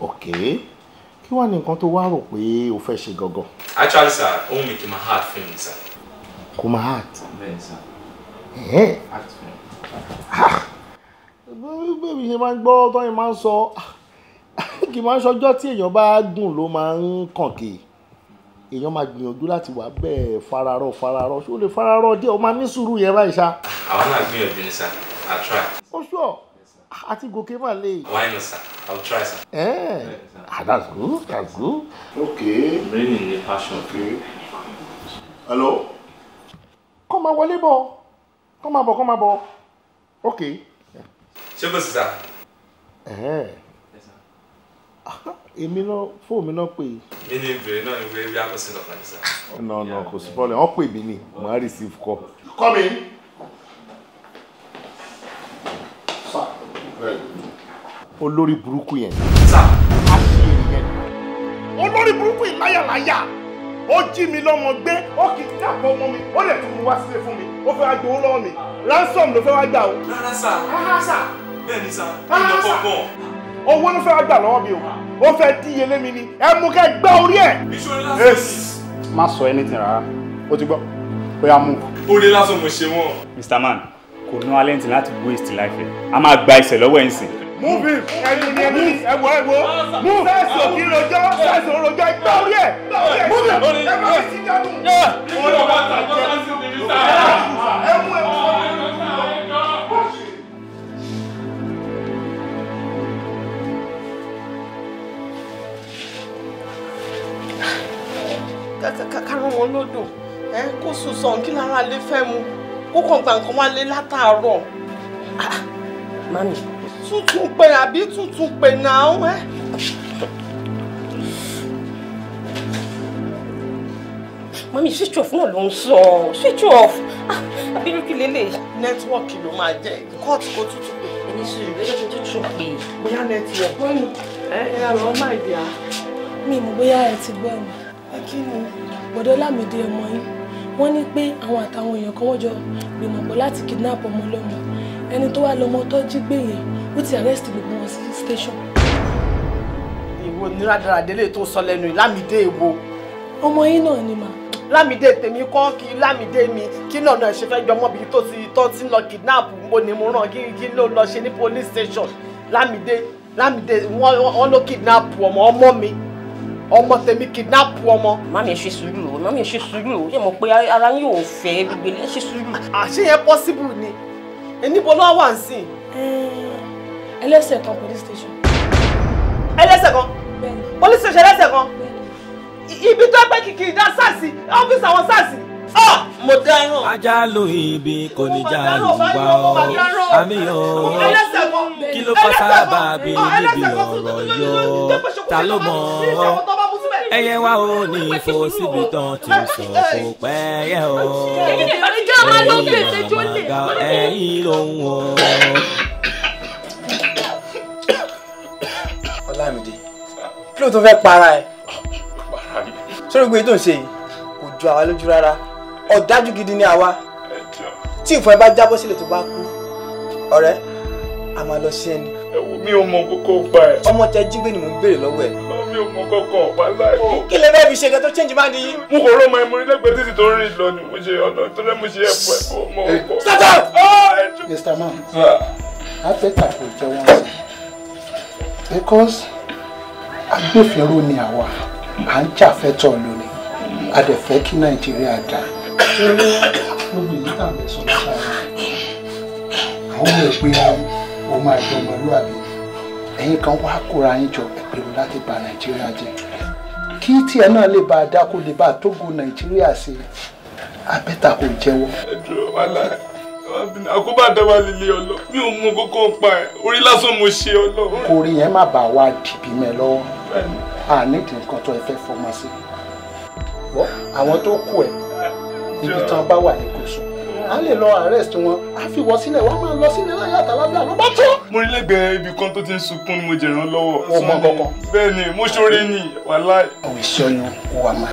okay kí wàá ní nǹkan tó wá rò pé o fẹ́ ṣe gangan. actually sir ohun mi kì í máa hard film sir. kò máa hard. bẹ́ẹ̀ sir. ẹ̀ẹ́. hard film. bẹ́ẹ̀ mi ṣe máa ń gbọ́ tọ́yìn máa ń sọ ah. kì í máa ń sọjọ́ tí èèyàn bá gùn ló máa ń kàn kì í èèyàn máa gbìyànjú láti wà bẹ́ẹ̀ fararọ fararọ ṣé o lè fararọ díẹ̀ o máa ní sùúrù yẹn báyìí ṣá. àwọn náà gbìyànjú ni sir i try. ó sọ. Sure. Ah, àti gòkè mà lè. why no sir i will try sir. ẹ ẹ ah that's good that's good. okay raining ni passion fi. hello. kọ́ máa wọlé bọ̀ kọ́ máa bọ̀ kọ́ máa bọ̀ ok. ṣé kò sí sá. èmi náà fóònù mi náà pè é. mi ní ìbéèrè náà ni wíwí akọ́sílẹ̀ kan ní sá. ọ̀nà ọ̀nà kò sí pọ́ọ̀lù ẹ̀ wọ́n pè mí ni màá receive call. come olórí burúkú yẹn. sà á ṣe ìyẹn. olórí burúkú ìláyàláyà ó jí mi lọ́mọ gbé ó kì í dàpọ̀ ọmọ mi ó lè tún mi wá sílé fún mi ó fẹ́ wá gbowó lọ́wọ́ mi ransom ló fẹ́ wá gbà o. rárá sà rárá sà bẹ́ẹ̀ ni sà ìjọ kọ̀ọ̀kan. owó ló fẹ́ wá gbà lọ́wọ́ mi o ó fẹ́ díyelé mi ni ẹ mú kẹ́ gbá orí ẹ̀. má sọ anything rárá o ti gbọ́ ó yá mú. ó lé lásán mo ṣe wọn. Mr. Man kò ná alẹ́ ní láti waste life ẹ̀ a máa gba ẹsẹ̀ lọ́wọ́ ẹ̀ ń sìn move him ẹni ni ẹni ẹwọ ẹwọ move sẹ́ẹ̀sì òkì rojọ́ sẹ́ẹ̀sì òrojọ́ ẹgbẹ́ orí ẹ̀ move him ẹ má fi sí dánù. wọ́n lọ bá tàjọ́ láti òbí mi sáà. ẹ mú ẹ mú ọ. kárán wọn lódò ẹ kó sùn sàn kí lára lè fẹ́ mu kó kàn gbà nǹkan wá lé látàárọ̀. Ah, ah. mami tuntun pè àbí tuntun pè náà ẹ́. mọ́mí switch off náà ló ń sọ switch off ah, abirú kí lélẹ̀. nẹ́tíwọ́ọ̀kì ló máa jẹ́ court kó tuntun pè. èmi sì rí lọ́jọ́ tó tuntun pè. bóyá nẹ́tíwọ́ọ̀kì. mọ́mí ẹ ẹ àrò máa dì á. mi mọ̀ bóyá ẹ ti gbọ́ mi. ẹ kí ni. bọ̀dọ̀ lámìdí ọmọ yín wọ́n ní pé àwọn àtàwọn èèyàn kan wọ́n jọ gbìmọ̀ pọ̀ láti kidnap ọmọ ọlọ́mọ ẹni tó wá lọ́mọ tó jí gbé yẹn ó ti arrest gbogbo wọn sí station. ìwo ní rádaràdé lè tó sọ lẹ́nu ìlámìdé ìwo. ọmọ yín náà ni mà. lámìdé tèmi kọ́ kí lámìdé mi kí lọ́nà ṣe fẹ́ jọmọ́ bí tó ti tọ́ ti lọ kidnap mo ni mo ràn kí kí ló lọ ṣe ní police station lámìdé lámìdé wọ́n ló kidnap ọmọ ọmọ mi ọmọ tèmi kidnap ọmọ. mami ṣe sùúrù o mami ṣe sùúrù o ṣe mọ̀ pé ara yín ò fẹ́ gbígbélé ṣe sùúrù. àṣeyẹ possible ni níbo ló wà ń sìn ẹlẹ́sẹ̀ kan police station. ẹlẹ́sẹ̀ kan police station ẹlẹ́sẹ̀ kan ibi tó pẹ́ kìkì dá sáàsì ọ́fíìsì àwọn sáàsì. mo dáràn. àjálù ibi kò ní já àlùwà ọ àmì ọ kí ló fà sábà bí níbi ọ̀rọ̀ yọ ta ló mọ̀ ọ́ ẹyẹ wa ò ní fò síbi tán ti sọ kò pẹ́ yẹ ọ ẹ̀yin ló ń ga ẹ̀yin ló ń wọ̀ ọ́. kí ló tó fẹ́ para ẹ̀. sórí gbogbo ètò ń ṣe yìí kò ju àwa lójú rárá ọ̀dájú gidi ni àwa tí ìfọ̀ ẹ bá jábọ́ sílẹ̀ tó bá kú ọ̀rẹ́ a máa lọ sí ẹni. ẹ wo mi ò mọ kókó pa ẹ. ọmọ tẹ jí gbé ni mò ń béèrè lọ́wọ́ ẹ. mi ò mọ kókó pa láì. kí lè bẹ́ẹ̀ fi ṣe nǹkan tó change máa di yín. mo kò rọ́ọ̀mọ ẹmu nílẹ̀gbẹ́ títí tó rìn lọ ni mo ṣe ọ̀nà tó lẹ́ mo ṣe ẹ̀fọ́ ẹ̀fọ́ mọ ọkọ̀. sátọ. Mr. Man afẹ́ta kò jẹ́ wọ́n sí because agbófinró ni àwa à ń jàfẹ́tọ̀ lónìí a dẹ̀ fẹ́ kí nàìjíríà dà torí lóbìnrin tàbí sọ̀rọ̀ sára àwọn ọmọ ẹgbẹ́ o máa jọ ọmọlúwàbí ẹ̀yin kan wá kóra yín jọ ẹgbẹ́rún láti bà nàìjíríà jẹ́ kí tiẹ̀ náà lè bá a dákú lè bá a tógun nàìjíríà sí abẹ́ta kò jẹ́wọ́. ẹ dúró wàhálà àkóbá dáwà lílé ọlọ mi ò mọ kókó pa ẹ orí lásán mo ṣe ọlọ. kórè yẹn má bàa wá dìbì mẹ lọ́wọ́ ànídìí nǹkan tó ẹ fẹ́ fọmọ sí wọ àwọn tó kù ẹ ibi tán bá wà ní kò a lè lọ arrest wọn a fi wọ sílẹ̀ wọn máa lọ sílẹ̀ láyé àtàlábíà ló bá tó. mo rí lẹ́gbẹ̀ẹ́ ibì kan tó ti ń sunkún ni mo jẹ ràn lọ́wọ́. o mọ kankan. bẹ́ẹ̀ ni mo ṣoore ni wàhálà. òwe sọyún wà má.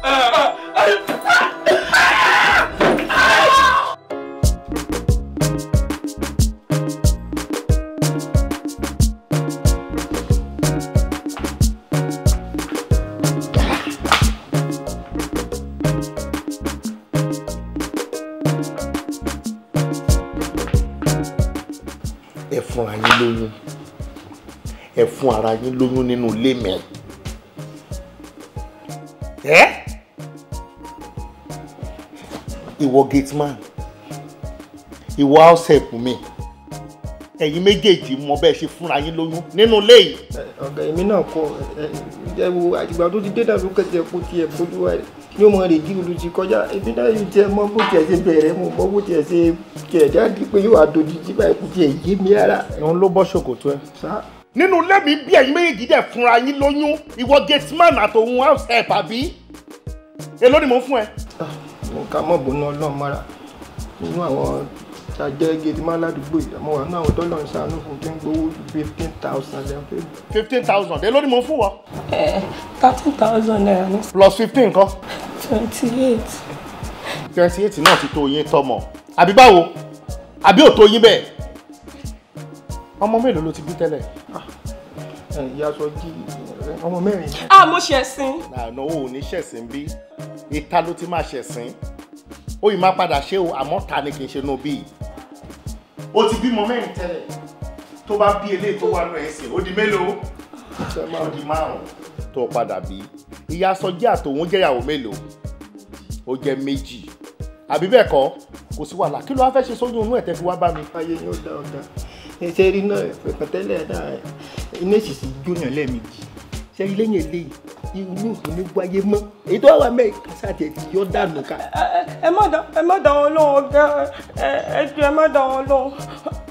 fúnra yín lóyún ẹ fún ara yín lóyún nínú ilé mi ẹ ìwọ gate man ìwọ house help mi ẹ̀yin méjèèjì mọ bẹ́ẹ̀ ṣe fúnra yín lóyún nínú ilé yìí. ọ̀gá èmi náà kọ ẹ ẹ wo àtìgbà tó ti dé dàbí kẹsì ẹ̀kú ti ẹ̀kú tó wà yóò mọ rè jí olùsí kọjá ebi náà yóò tiẹ̀ mọ bó tiẹ̀ ṣe bẹ̀rẹ̀ mọ bó bó tiẹ̀ ṣe tiẹ̀ jáde pé yóò àdòdì jí báyìí kò tiẹ̀ yé mi rárá. òun ló bọ́ ṣòkòtò ẹ. nínú ilé bí ẹ̀yin méjèèjì dẹ̀ fúnra yín lóyún ìwọ gateman àtòun house help àbí èló ni mò ń fún ẹ. Ah, mo kà mọ́ bòónú ọlọ́run mọ́ra nínú àwọn ṣàjẹ́ gidi má ládùúgbò ìdààmú wa náà àwọn tọ́lọ̀ ń ṣàánú fún kí n gbowó fifteen thousand lẹ́yìn pé. fifteen thousand èló ni mo fún wọ. ẹ thirteen thousand naira ni. plus fifteen kan. twenty eight. twenty eight náà ti tó yín tọmọ àbí báwo àbí ò tó yín bẹ́ẹ̀ ọmọ mélòó ló ti bí tẹ́lẹ̀. Ah, ìyá sọ jí ọmọ mẹ́rin. a ah, mo ṣẹ̀sìn. ànáwó ò ní ṣẹ̀sìn bí ìta ló ti máa ṣẹ̀sìn ó yìí máa padà ṣe o àmọ́ ta ni kì í ṣe nù bíi o ti bímọ mẹ́rin tẹ́lẹ̀ tó bá bí eléyìí tó wà nù ẹsẹ̀ ó di mélòó ó di márùn tó o padà bí ìyá sọjí àtòun jẹ́yàwó mélòó ó jẹ́ méjì àbí bẹ́ẹ̀ kọ́ kò sí wàhálà kí ló wá fẹ́ ṣe sójú inú ẹ̀ tẹ́ fi wá bá mi. ayé yóò dá ọ̀dà ṣe rí náà pẹ̀pẹ̀ tẹ́lẹ̀ náà iná ìṣìṣì jóyàn lẹ́ẹ̀mejì ṣe rí lẹ́yìn eléyìí inú òfin ní wáyé mọ́ èyí tó wà mẹ́rin kásá tiẹ̀ ti yọ dànù ká. ẹ má dán ẹ má dán wọn ẹ ju ẹ má dán wọn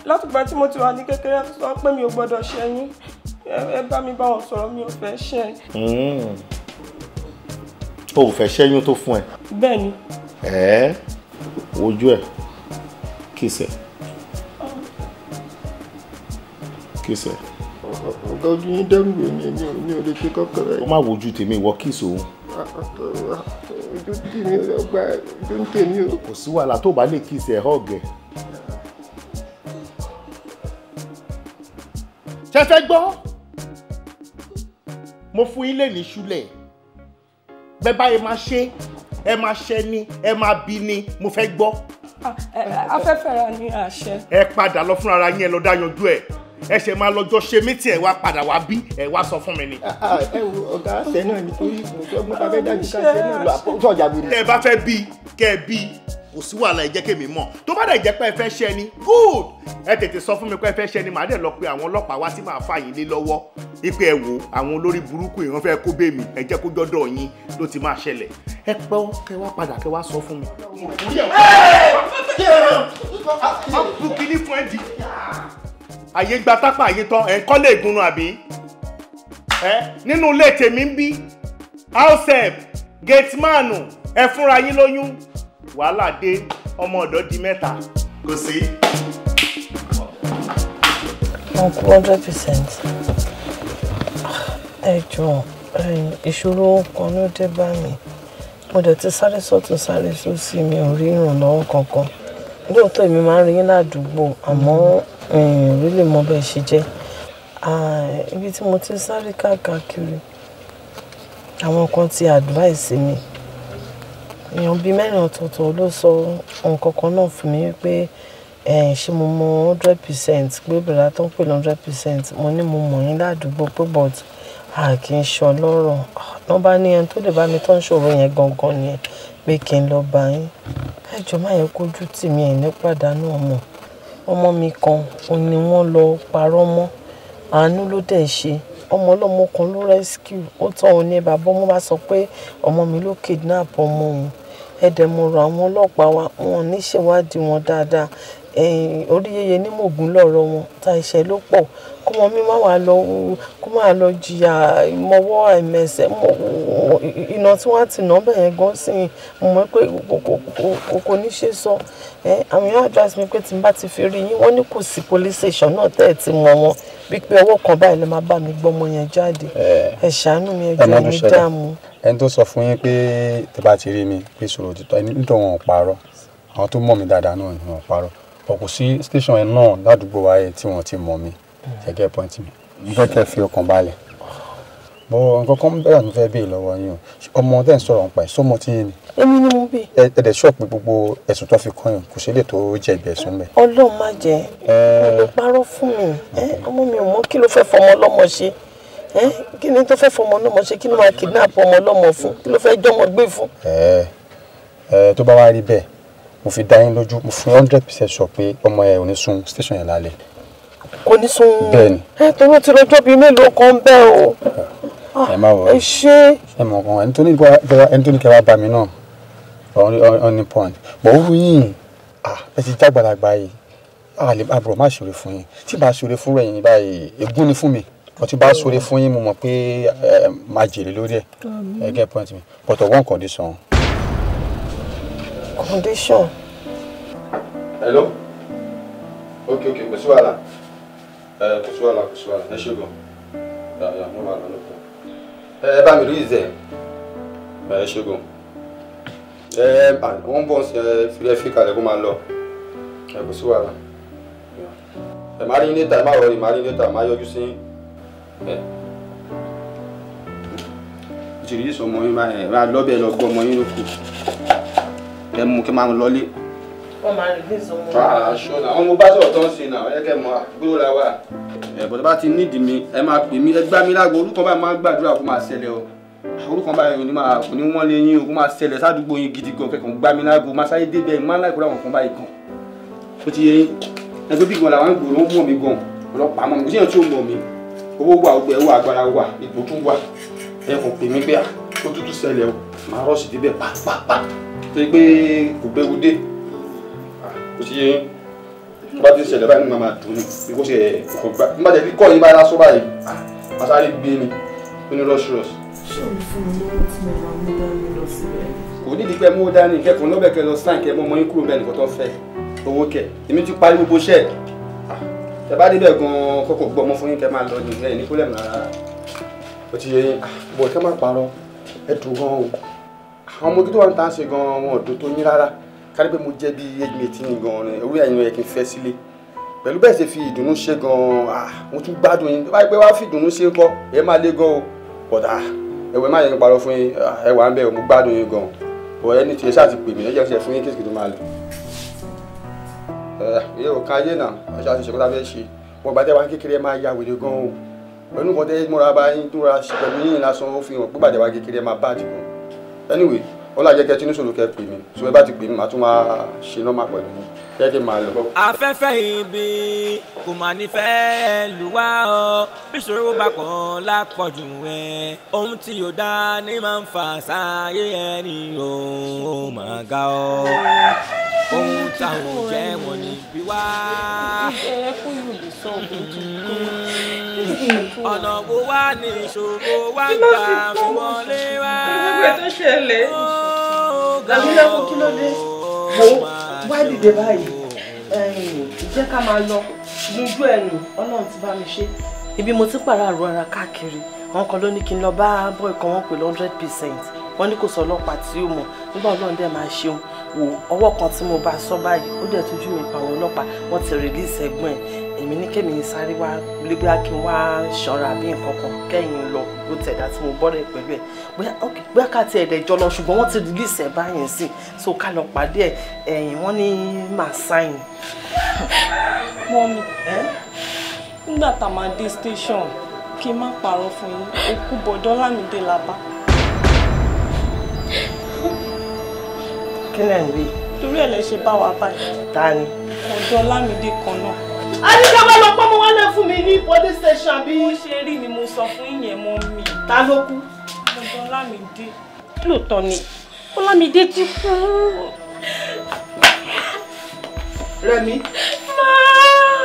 lóhùn tí mo ti wà ní kékeré sọ pé mi ò gbọ́dọ̀ ṣẹ́yìn ẹ bá mi bá wọn sọ̀rọ̀ mi ò fẹ́ ṣẹ́. Hmm. o fẹ́ ṣẹ́yún tó fún ẹ. bẹ́ẹ̀ni. ẹ ojú ẹ kìsẹ̀ kìsẹ̀ ọ̀gá ojú yín dẹ́rù èmi èmi ò ní olè ṣe kọ́kọ́rọ́ yìí. ó má wojú tèmi ìwọ kí ìṣòwò. ojú tèmi ọgbà ojú ń tèmi o. kò sí wàhálà tó bá lè kí ìṣe ẹ̀họ́ ọ̀gẹ̀. ṣẹ̀ṣẹ̀ gbọ́ mo fún ilé ní ṣúlẹ̀ bẹ́ẹ̀ báyìí máa ṣe ẹ máa ṣẹ ni ẹ máa bí ni mo fẹ́ gbọ́. Ah, eh, eh, afẹ́fẹ́ ra ni àṣẹ. ẹ padà lọ fúnra yín ẹ lọ dá yanjú ẹ ẹ ṣe máa lọ́jọ́ ṣe mítì ẹ̀ wá padà wá bí ẹ̀ wá sọ fún mi ni. ẹ wo ọ̀gá àṣẹ náà ni torí mo fẹ́ mú tàbí dájú káṣẹ náà lọ àpọ̀jọ́ ọ̀jà gbèrè. tẹ bá fẹ́ bí kẹ bí kò sí wàhálà ẹ jẹ́ kémi mọ̀ tó bá dẹ̀ jẹ́ pé ẹ fẹ́ ṣe ni good ẹ tètè sọ fún mi pé ẹ fẹ́ ṣe ni màá dẹ̀ lọ pe àwọn ọlọ́pàá wá tí màá fà yín lé lọ́wọ́ ipe ẹ wo àwọn olórí burúkú ìran fẹ́ kó bẹ́ẹ̀ mi ẹ jẹ́ kó jọ́dọ̀ yín ló ti máa ṣẹlẹ̀ ẹ pẹ́ ó kẹ wá padà kẹ wá sọ fún mi. mo kì í fún ẹ di àyè gba tápà àyè tán ẹ̀ ń kọ́lé ìgúnnu àbí ẹ nínú ilé tèmi ń bí house help gate man ẹ fúnra yín lóyún wàhálà dé ọmọ ọ̀dọ́ di mẹ́ta. kò sí. wọn kú hundred percent ẹ jọ̀ọ́ ìṣòro kan ló dé bá mi mo dẹ̀ ti sáré sọ́tún sáré sósì mi ò rí ìrànlọ́wọ́ kankan lóòótọ́ èmi máa ń rí yín ládùúgbò àmọ́ mi ò lè mọ bẹ́ẹ̀ ṣe jẹ́ ibi tí mo ti sáré káàkiri àwọn kan ti advice mi èèyàn bíi mẹ́rin ọ̀tọ̀ọ̀tọ̀ ló sọ nǹkan kan náà fún mi wípé ṣé mo mọ hundred percent pé bẹ̀rẹ̀ tó ń pè ní hundred percent mo ní mo mọ̀ yín ládùúgbò pé but a kì í ṣọ lọ́rọ̀ wọ́n bá ní ẹni tó lè bá mi tán ṣòro yẹn gangan ni pé kí n lọ bá yín ẹjọ́ máa yẹ kójú tì mí ẹ̀ ní ọmọ ọmọ mi kan òun ni wọ́n lọ parọ́ mọ́ àánú ló dẹ̀ ṣe ọmọ ọlọ́mọ kan ló rescue ó tọ́ òun ní bàbá ọmọ bá sọ pé ọmọ mi ló kidnap ọmọ òun ẹ̀dẹ̀ mo rọ àwọn ọlọ́pàá wa wọn ní ṣèwádìí wọn dáadáa orí yẹyẹ ní mògùn lọ̀rọ̀ wọn ta ẹ̀ṣẹ̀ ló pọ̀ kó mọ mi má wàá lọ kó má lọ jìyà ìmọ̀wọ́ àìmẹsẹ̀ iná tí wọ́n ti nà bẹ̀yẹn gan sí mo mọ̀ pé kò ní ṣe sọ àwọn èèyàn advice mi pé tí n bá ti fi rí yín wọ́n ní kò sí police station náà tẹ́ ẹ̀ ti mọ̀ wọn wípé ọwọ́ kan báyìí lè máa bá mi gbọ́mọ yẹn jáde ẹ ṣàánú mi ẹ mi dààmú. ẹni tó sọ fún yín pé tẹ́ bá ti rí mi pé sọ̀rọ̀ òtítọ́ nítorí wọn ò parọ́ àwọn tó mọ̀ mí dáadáa náà ò parọ́ but kò sí station yẹn náà ládùúgbò wa yẹn tí wọ́n ti mọ̀ mi gẹ́gẹ́ point mi mo fẹ́ kẹ́ fi ọkàn balẹ̀ bọ́ nǹkan kan bẹ́ẹ̀ ni fẹ́ bèè lọ́wọ́ yín o ọmọ tẹ́ ń sọ̀rọ̀ nípa ẹ̀ sọ́mọ tí yín ni. èmi ni mo bè. ẹ ẹ dẹ̀ ṣọ́ọ̀pù gbogbo ẹ̀sùn tó fi kàn yín kò sí lè tó jẹ̀bi ẹ̀sùn bẹ́ẹ̀. ọlọ́run má jẹ́ ọlọ́ parọ́ fún mi ọmọ mi ò mọ kí ló fẹ́ fọmọ ọlọ́mọ ṣe kí ni tó fẹ́ fọmọ ọlọ́mọ ṣe kí ló máa kidnap ọmọ ọlọ́mọ fún kí ló fẹ́ jọmọ gbé fún. ẹ ẹ tó bá wá rí bẹ́ẹ̀ mo fi dá yín lójú mo fún hundred percent sọ pé ọmọ ẹ ò ní sun station yẹn lálẹ́. kò ní sun bẹ́ẹ̀ni. ẹ torí ti lọ́jọ́ bíi mélòó kan bẹ́ẹ̀ o. ẹ má wọ ẹ ṣe. ẹ mọ̀ kan ẹni tó ní kẹwàá bá mi náà on the point bọ̀ wú yìí ẹ ti jágbàlagbà yìí àlè àbúrò má ṣòro fún yín tí bá ṣòro fún rẹ̀ yín báyìí ègún ni fún mi mo ti bá ṣòro fún yín mo mọ̀ pé máa jèrè lórí ẹ̀ ẹ get point mi but on one condition condition. hello ok ok kò sí wàhálà kò sí wàhálà kò sí wàhálà ẹ ṣe gan yàrá mo wà lọ́nà kan ẹ bá mi rí ìzẹ ẹ ṣe gan ẹ wọ́n bọ̀ ẹ fi kalẹ̀ kó máa lọ ẹ kò sí wàhálà ẹ má rí ní ta ẹ má wọlé má rí ní ta má yọjú sí ẹ kẹ́ mú kí máa mú lọ́lé. wọ́n máa rìn ní ìsọmọ. Ah, aṣọ làwọn mo bá sọ̀rọ̀ tó ń sin náà ẹ kẹ́ mọ àgbéró la wà. ẹ̀bùn tó bá ti nídìí mi ẹ máa pè mí ẹ gbá mi lágbo orúkọ báyìí máa gbàdúrà kó máa ṣẹlẹ̀ o ah, orúkọ báyìí kò ní máa kò ní wọ́n lé yín o kó máa ṣẹlẹ̀ sádùúgbò yín gidi gan kẹkàn gbá mi lágbo máa sáyé débẹ̀ máa láì kúrò àwọn kan báyìí ẹ kò pè mí pé ah, ó tútù ṣẹlẹ̀ o màá rọ̀ sí débẹ̀ pàápàá tó yẹ pé kò gbẹ́wò dé kò sí yẹn bá ti ṣẹlẹ̀ báyìí nínú máa dùn ní bí kò ṣe kò gbà nígbà tí kọ́ yín bá yá sọ báyìí máa sáré gbé mi ó ní rush rush. ṣé o fún mi lọ́wọ́ tí mo máa mú dání lọ síbẹ̀? kò nídìí pé mú dání kẹ́kọ̀ọ́ lọ́bẹ̀ kẹ́ lọ sáǹkì ẹ̀ mọ́ ọmọ yín kúrò bẹ́ẹ̀ nìkan tó fẹ́ owó kẹ̀ èmi ti parí gbogbo ṣẹ́ ah, ẹ bá débẹ̀ gan-an kọ́kọ́ gbọ́ ọmọ fún yín kẹ́ máa lọ nìyẹn ní kólẹ̀ mọ́ rárá. ó ti yẹ yín ah, bọ̀ kẹ́ má parọ́ ẹ dùn gan-an o àwọn mojú tó wà ń ta ṣe gan wọn ọ̀dọ́ tó yín rárá kárí pé mo jẹ́ bí age eighteen ní gan ni orí ẹ̀yin rẹ̀ kì í fẹ́ sílé pẹ̀lú bẹ́ẹ̀ ṣe fi ìdùnnú ṣe gan ah, mo tún gbádùn yín báyìí pé wàá fi ìdùnnú ṣe kọ́ ẹ máa lé gan o bọ̀dà ah, ẹ̀wẹ̀ má yẹ kí n parọ́ fún yín ah, ẹ wà ń bẹ̀ mo gbádùn yín gan ọ̀ ẹni tí ẹ ṣáà ti pè mí ẹ jẹ́ fún yín kéèké tó máa lọ. Eh, ẹ ò ká ayé náà ọ̀ṣà ti ṣe kó ṣe wọn bàtẹ́ wa kékeré máa ya wèrè gan o pẹ̀lú kan tẹ́ mọ́ra bá yín tó ra pẹ̀lú yín lásán ó fi hàn pé bàtẹ́ wa kékeré máa bá àdìgún anyway wọ́n lájẹ́ kẹ́ tí ní sòrò kẹ́ pè mí tí wọ́n bá ti pè mí màá tún máa ṣe nọ́mà pẹ̀lú kẹ́ kí n máa lọ. afẹ́fẹ́ ibi kò máa ní fẹ́ lù wá ọ bí ìṣòro bá kàn lápọ̀jù ẹ̀ ohun tí yóò dá ní máa ń fà sáyé ẹni ó máa ga ọ ohun táwọn jẹ́ wọ́n ní bí wá. ẹ ẹ fún ìlú sọ ògùn tuntun. Mm-hmm ọ̀nà wo wá ní ìṣòro wá ń gbà fún wọlé wá. gbogbo ètò ṣẹlẹ̀ àbílẹ̀kùn kí ló dé wo wá dìde báyìí jẹ́ ká máa lọ lójú ẹ̀yìn ọlọ́run ti bá mi ṣe. ibi mo ti pààrọ̀ ara káàkiri àwọn kan ló ní kí n lọ bá bọ́ọ̀ kan wọ́n pè lọ hundred percent wọ́n ní kò sọ ọlọ́pàá tí ó mọ̀ nígbà ọlọ́run dẹ̀ máa ṣeun wò ọwọ́ kan tí mo bá sọ báyìí ó dẹ̀ tójú mi pa àwọn ọlọ́pàá wọ́n ti release ẹ̀gbọ́n ẹ̀ èmi ní kémi sáré wá bóyá kí n wá ṣọ́ra àbí nǹkan kan kẹ́yìn lọ ló tẹ̀dá tí mo bọ́rẹ̀ pẹ̀lú ẹ̀ bóyá ká ti ẹ̀dẹ̀ jọ lọ ṣùgbọ́n wọ́n ti release ẹ̀ báyìí sí so ká lọ pàdé ẹ̀ ẹ̀yìn wọ́n ní màá sáyìn. mọ́mi nígbà tá a máa dé station kí n má parọ́ fún yín òkú bọ̀dọ́ lámìdé la bá. kí lẹ́yìn rí. torí ẹ̀ lẹ ṣe bá wa báyìí. ta ni. ọ̀dọ́ lámìdé kan náà a ní kí a bá lọ pọ́nmọ́ wọn lẹ́ fún mi ní police station bí. mo ṣe rí ni mo sọ fún ìyẹn mọ́ mi. ta ló kú. dandan Ọlámídé. lóòótọ́ ni Ọlámídé ti kú. Rẹ̀mí. máa.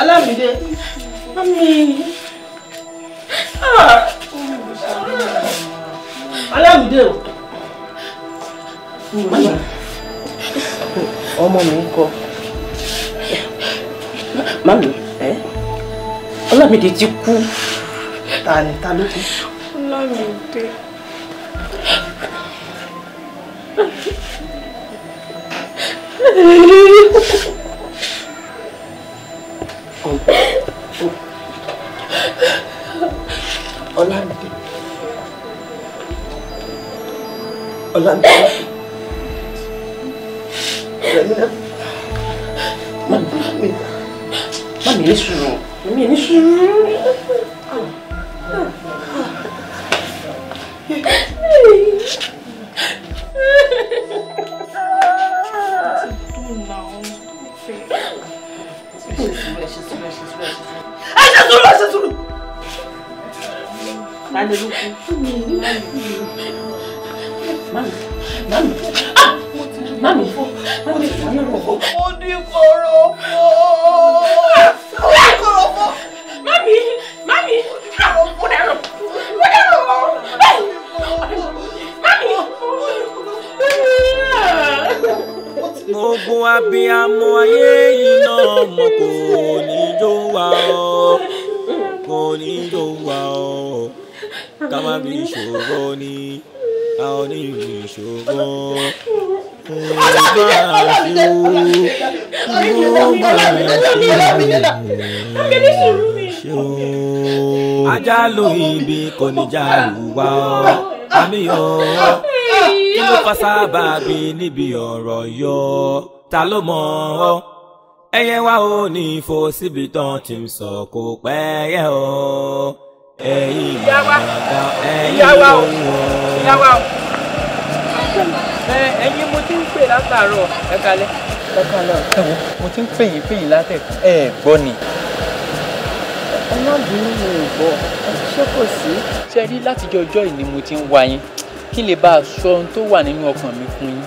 Ọlámídé mami ah Alámìdé o. Ọmọ mi ń kọ. Mami, Ọlámìdé ti kú. Ta ni ta ló kú? Ọlámìdé. Ọ̀gbọ́n. Ọlámídé Ọlámídé Ọlámídé mami mami ní sùúrù mami ní sùúrù. Don't now, don't fail ẹ ṣe sùúrù ẹ ṣe sùúrù ẹ ṣe sùúrù ẹ ṣe sùúrù. Tani ló kú? Mami, mami, mami, ah! mami, mami, mami, mami. Ó ní kóró fún. mi ẹ̀rọ mi nílà akẹ́lẹ́ sùúrù mi. àjálù ibi kò ní já lùwà ọ́ àmì ọ́ kí ló fa sábàbí níbi ọ̀rọ̀ yọ ta ló mọ̀ ọ́ ẹyẹ wa ò ní fò síbi tán ti ń sọ kó pẹ́ yẹ ọ́ ẹ̀yin ìyàwó ẹ̀yin ìyàwó ẹ̀yin mo ti ń pè látàárọ̀ ẹ̀ka lẹ́ lọ́kàn náà. ẹ wo mo ti ń pè yín pè yín látẹ̀kùn ẹ gbọ́ ni. ẹ má bínú mi ò gbọ́ ṣé kò sí. ṣe rí látijọ́ ọjọ́ yìí ni mo ti ń wá yín kí lè bá a sọ ohun tó wà nínú ọkàn mi fún yín.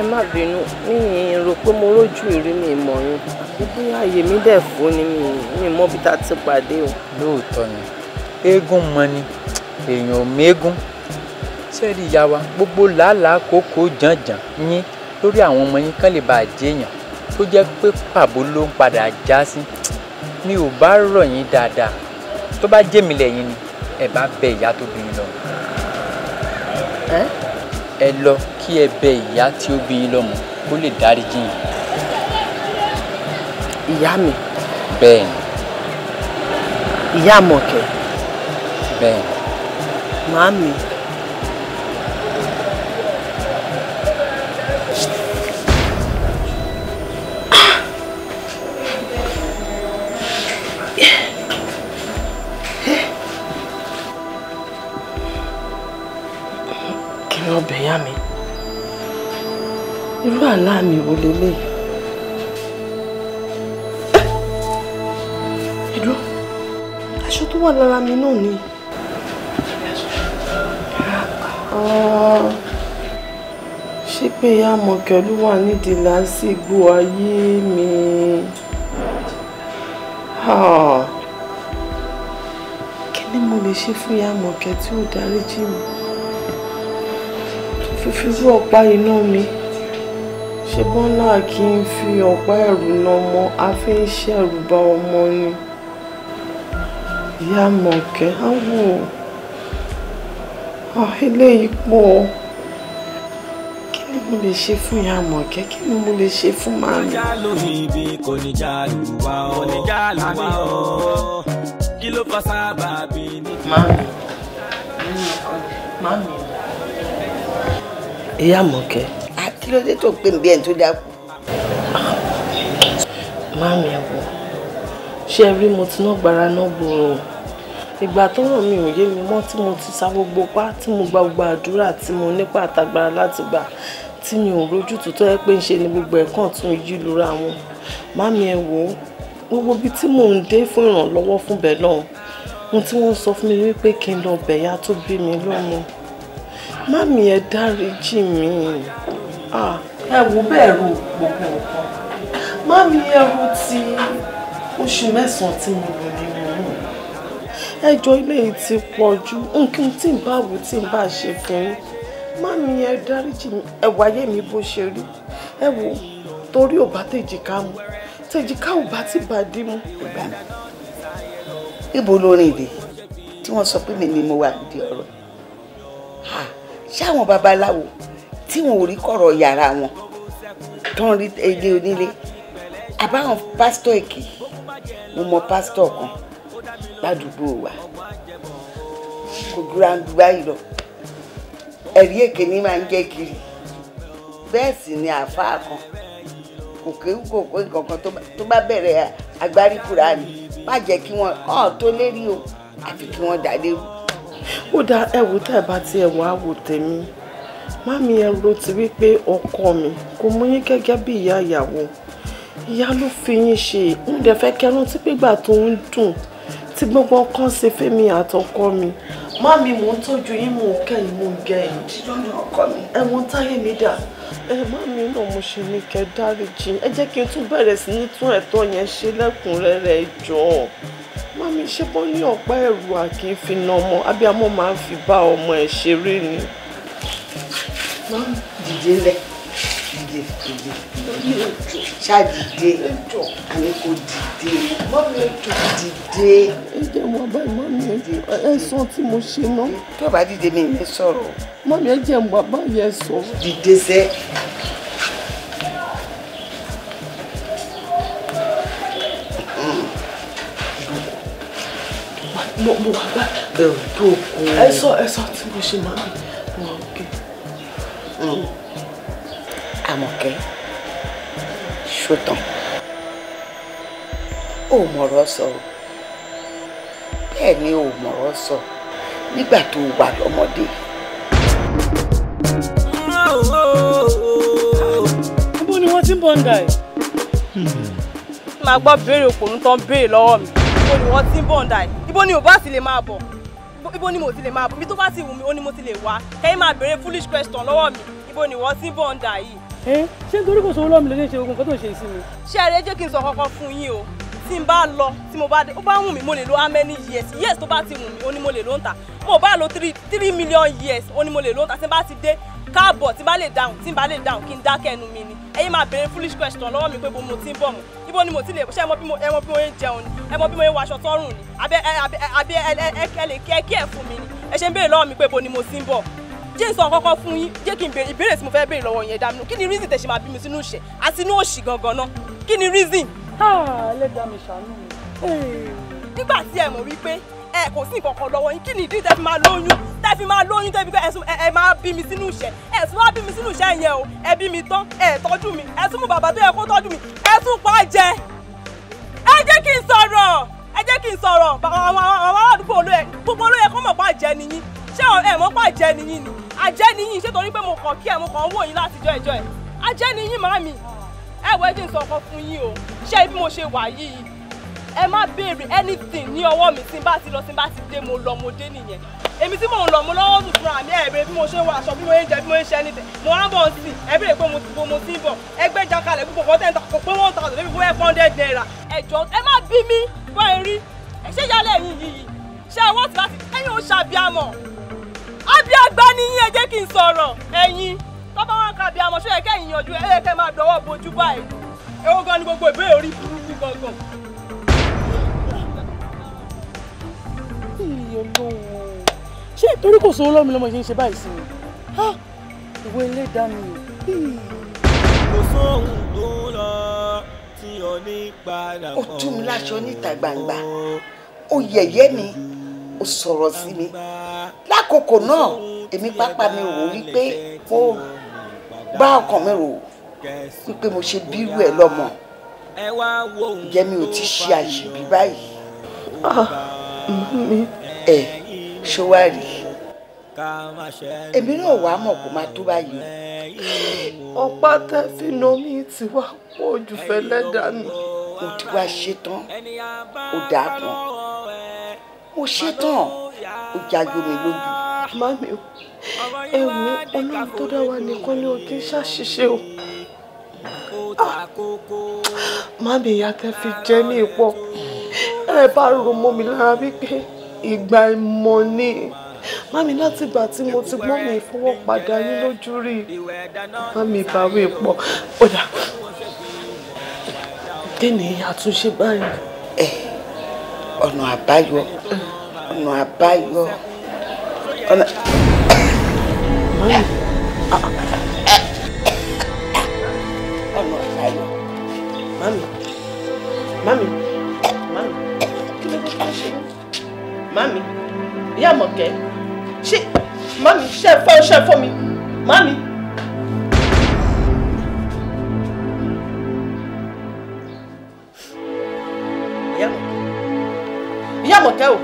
ẹ má bínú mi ì rò pé mo rójú ìrí mi mọ̀ yín àbí bóyá àyè mi dẹ̀ fún ni mi ì mọ bí tá a ti pàdé o. lóòótọ́ ni eégún mọ ni èèyàn ò mẹ́gún sẹ́ẹ̀rì ìyá wa gbogbo làálàá kòókòó jàǹjàǹ yín lórí àwọn ọmọ yín kán lè bá jẹ́ èèyàn tó jẹ́ pé pàbó ló ń padà já sí mi ò bá rọ̀ yín dáadáa tó bá jẹ́ mi lẹ́yìn ni ẹ bá bẹ ìyá tó bí yín lọ. ẹ lọ kí ẹ bẹ ìyá tí ó bí yín lọ́mọ kó lè dáríjì yín. ìyá mi. bẹ́ẹ̀ ni. ìyá mọ̀kẹ́. bẹ́ẹ̀ màámi. ọbẹ̀ yá mi irú àlá mi wo leléyìí ẹ̀dùn aṣọ tó wà lára mi náà ni ṣé pé ìyá àmọ̀kẹ́lú wà nídìí lásìgbò ayé mi kí ni mo lè ṣe fún ìyá àmọ̀kẹ́ tí ò dáríjì mi fi rú ọ̀pá iná mi ṣe bọ́nà kí n fi ọ̀pá ẹ̀rù na ọmọ a fi ń ọmọ ni ìyá mọ̀kẹ́ á wò ó ah, eléyìí pọ̀ kí ni mo lè ṣe fún ìyá mọ̀kẹ́ kí ni mo lè ṣe fún màmí. kò ní já kò ní já lùwà ọ́ kò ní já lùwà ọ́ kí ló fọ́ sábà ní. màmí màmí ìyá mọ̀kẹ́. kí ló dé tó pè mí bí ẹni tó dákú. máàmì ẹ wò ṣé rí mo ti náà gbára náà gbòòrò ìgbà tó ràn mí ò yé mi mọ́ tí mo ti sa gbogbo pa tí mo gba gbogbo àdúrà tí mo nípa àtàgbára láti gbà tí mi ò rojú tó tọ́ ẹ pé ń ṣe ni gbogbo ẹ̀ kàn tún yí lura wọn máàmì ẹ wò ó gbogbo ibi tí mò ń dé fún ìrànlọ́wọ́ fún bẹ́ẹ̀ lọ́hùn ohun tí wọ́n sọ fún mi wípé kí n lọ bẹ̀yà tó bí mi lọ́mọ. Mami ẹ dáríjì mi. Ah. Ẹ wo bẹ́ẹ̀ ro gbogbo nǹkan. Mami ẹ ro ti oṣù mẹ́sàn-án tí mo lò nínú òun. Ẹjọ́ ilé yìí ti pọ̀ ju nǹkan tí ń bá wò tí ń bá ṣe fún yín. Mami ẹ dáríjì mi. Ẹ wáyé mi bó ṣe rí. Ẹ wo torí ò bá tèjìká mu. Tèjìká ò bá ti bàdí mu. Ibo lórin ìdè tí wọ́n sọ pé mi ni mo wà nídìí ọ̀rọ̀ ṣáwọn babaláwo tí wọn ò rí kọ̀rọ̀ yàrá wọn tán rí ilé onílé àbáwọn pásítọ̀ èkì mo mọ pásítọ̀ kan ládùúgbò wa kò gúrandú báyìí lọ ẹ̀rí èké ní máa ń jẹ́ kiri bẹ́ẹ̀ sì ni àáfàá kan kò kéwú kò kó nǹkan tó bá bẹ̀rẹ̀ agbárí kúránì má jẹ́ kí wọ́n kàn tó lérí o àfi kí wọ́n dá léwu ó dá ẹwù tẹ́ ẹ bá ti ẹwà àwò tèmi mami ẹ ro ti wípé ọkọ mi kò mú yín gẹ́gẹ́ bí ìyá ìyàwó ìyá ló fi yín ṣe ń dẹ̀ fẹ́ kẹrun tí pígbà tó ń dùn tí gbogbo ọkàn ṣe fẹ́mi àtọkọ mi mami mò ń tọ́jú yín mò ń kẹ́yìn mò ń gẹ̀yìn lọ́nà ọkọ mi ẹ̀wọ̀n táyé mi dà ẹ mami náà mo ṣe ní kẹ́ dáríjì ẹ jẹ́ kí n tún bẹ̀rẹ̀ sí ní tún ẹ̀tọ́ yẹn ṣe lẹ́kùnrẹ́rẹ́ jọ̀ọ́ mami ṣe bọ́ ní ọ̀pá ẹ̀rù àkì fi na ọmọ abiyamọ máa ń fi bá ọmọ ẹ̀ ṣeré ni. dìde lẹ dìde dìde ṣáàdìde àmì kò dìde dìde. ẹ jẹ́ wọn báyìí mami ẹ̀sán tí mo ṣe ná. tó bá dìde mi ní sọ̀rọ̀. mami ẹ jẹ́ wọn báyìí ẹ̀sán. dìde sẹ́. mo mo wà bá bẹ̀rù tó kù. ẹ sọ ẹ sọ tí mo ṣe máa ń wọ òkè. Mm. àmọ̀kẹ́ ṣùtàn ò mọ̀rọ̀ sọ bẹ́ẹ̀ ni ò mọ̀rọ̀ sọ nígbà tó wà lọ́mọdé. níbo ni wọ́n ti ń bọ̀ ń dà ẹ̀. Hmm. màá gbọ́ béèrè òkùnrin tó ń lọ́wọ́ mi ibo ni wọ́n ti ń bọ̀ ń dà ẹ̀ ibo ni ò bá sì lè máa bọ̀ ibo ni mo ti lè máa bọ̀ ibi tó bá sì wù mí ó ní mo ti lè wá kẹ́yìn máa béèrè foolish question lọ́wọ́ mi ibo ni wọ́n ti ń bọ̀ ń dà yìí. Eh, ṣé nítorí kò sówó lọ́mìnira ṣe ogun kó tó ṣe ìsinmi. ṣé ẹ rẹ jẹ́ kí n sọ kọ́kọ́ fún yín o tí n bá lọ tí mo bá dé ó bá wù mí mo lè lo how many years years tó bá ti wù mí ó ní mo lè lo ń ta mo bá lo three three million years ó ní mo lè lo ń ta tí n bá ti dé káàbọ̀ tí n bá lè dáhùn tí n bá lè dáhùn kí n dákẹ́ ẹnu mi ni ẹ̀yin máa béèrè foolish question lọ́wọ́ mi pé bo mo ti ń bọ̀ mu ibo ni mo ti lè ṣe ẹmọ bí mo ẹmọ bí mo ń jẹun ni ẹmọ bí mo ń waṣọ tọrùn ni àbí àbí ẹ lè kẹ́ kí ẹ̀ fún mi ni ẹ ṣe ń béèrè lọ́wọ́ mi pé bo ni mo ti ń bọ̀ jẹ́ ìsọ̀ kọ́kọ́ fún yín jẹ́ kí n béèrè ìbéèrè tí mo fẹ́ béèrè lọ́wọ́ yẹn dá kí ni reason tẹ̀sí máa bí mi sínú ìṣẹ́ àti inú òṣì gangan náà kí ni reason ẹlẹ́dàá mi ṣàánú mi. nígbà tí ẹ mọ̀ wípé ẹ kò sí nǹkan kan lọ́wọ́ yín kí ni ìdí tẹ́ fi máa lóyún tẹ́ fi máa lóyún tẹ́ fi pé ẹ máa bí mi sínú ìṣẹ́ ẹ tún wá bí mi sínú ìṣẹ́ yẹn o ẹ bí mi tán ẹ tọ́jú mi ẹ tún mú bàbá tó yẹ kó tọ́jú mi ẹ tún pa jẹ ẹ jẹ́ kí n sọ̀rọ̀ ẹ jẹ́ kí n sọ̀rọ̀ àwọn aládùúgbò olóyè gbogbo olóyè kó mọ̀ pa jẹ nìyí ṣé ẹ mọ̀ pa jẹ nìyí ni àjẹ́ nìyí ṣé torí pé mo kàn kí ẹ mo kàn ń wò yín látijọ́ ẹjọ́ ẹ àjẹ́ nìyí màmí ẹ wọ ẹdín sọ̀kan fún yín o ṣé bí mo ṣe wà yìí ẹ má béèrè anything ní ọwọ́ mi tí n bá ti lọ tí n bá ti dé mo lọ mo dé nìyẹn èmi tí mò ń lọ mo lọ́wọ́ tún fúnra mi ẹ béèrè bí mo ṣe ń wọ aṣọ bí mo ń jẹ bí mo ń ṣe anything mo wá bọ̀ sí ẹ béèrè pé mo ti bo mo ti ń bọ̀ ẹgbẹ́ jàǹkalẹ̀ púpọ̀ kọ́ tẹ̀ ń ta kò pé one thousand lórí fún five hundred naira ẹ jọ̀ọ́ ẹ má bí mi bọ́ ẹ rí ẹ ṣe yálé ẹ̀yìn yìí ṣe ẹ wọ́n ti láti ẹ̀yìn ò ṣàbíamọ̀ àbí àgbà nìyí ẹ jẹ́ kí n sọ̀rọ̀ ẹ̀yìn tó bá wọn kà bí àmọ́ ṣó yẹ kẹ́yìn yanjú máa dọwọ́ bojú báyìí ewu gan ni gbogbo ìbéèrè orí burúkú gangan. ṣé torí kò sówó lọ́mi lọ́mọ ṣe ń ṣe báyìí sí mi ìwé ilé dání kò sóhun tó lọ tí o ní padà mọ́. ó tú mi láṣọ níta gbangba ó yẹ̀yẹ́ mi ó sọ̀rọ̀ sí mi lákòókò náà èmi pápá mi wò wípé ó bá ọkàn mi rò wípé mo ṣe bírú ẹ lọ́mọ jẹ́ mi ò ti ṣe àṣìbí báyìí. Ah, mm-hmm. ẹ ṣọwárì èmi náà wàá mọ̀ kó máa tó báyìí. ọ̀pá tá a omi ti wá pọ̀ jù fẹ́lẹ́ dànù. o ti wá ṣetán o dà á mo ṣetán o jágbe mi lójú màmí o ẹ wo ọlọ́run tó dá wa nìkan ni o kì í ṣàṣìṣe o ah. màmí ìyá tẹ fi jẹ ní ipò ẹ bá rò mọ́ mi lára wípé ìgbà ìmọ̀ ni mami láti ìgbà tí mo ti gbọ́ mi ìfowópadà yín lójú rí mami ìbáwí pọ̀ ọ̀dà kí ni àtúnṣe báyìí. ẹ ọ̀nà àbáyọ ọ̀nà àbáyọ ọ̀nà. ọ̀nà àyọ̀ mami mami mami kí ló kí ló ṣe mami ìyá àmọ̀kẹ́ ṣé mami ṣe é fọ́ ṣe é fọ́ mi mami. ìyá àmọ̀kẹ́ o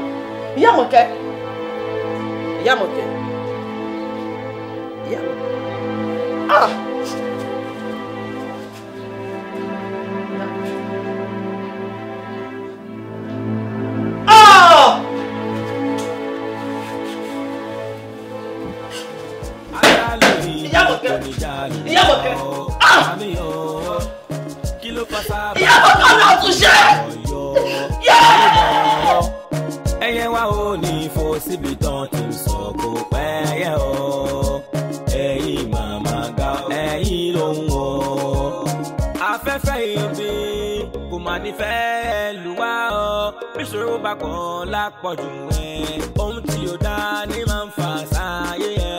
ìyá àmọ̀kẹ́ ìyá àmọ̀kẹ́ ìyá àmọ̀kẹ́ ah. ah! Ìyábọ̀kẹ́ Ìyábọ̀kẹ́ ah! ọ̀nà àtúnṣe. Ẹyẹ wa ò ní fò síbi tán ti nífẹ̀ẹ́ lùwà ọ́ bíṣòro bá kàn lápọ̀jù ẹ̀ ohun tí ó dá ní máa ń fà sáyé ẹ̀.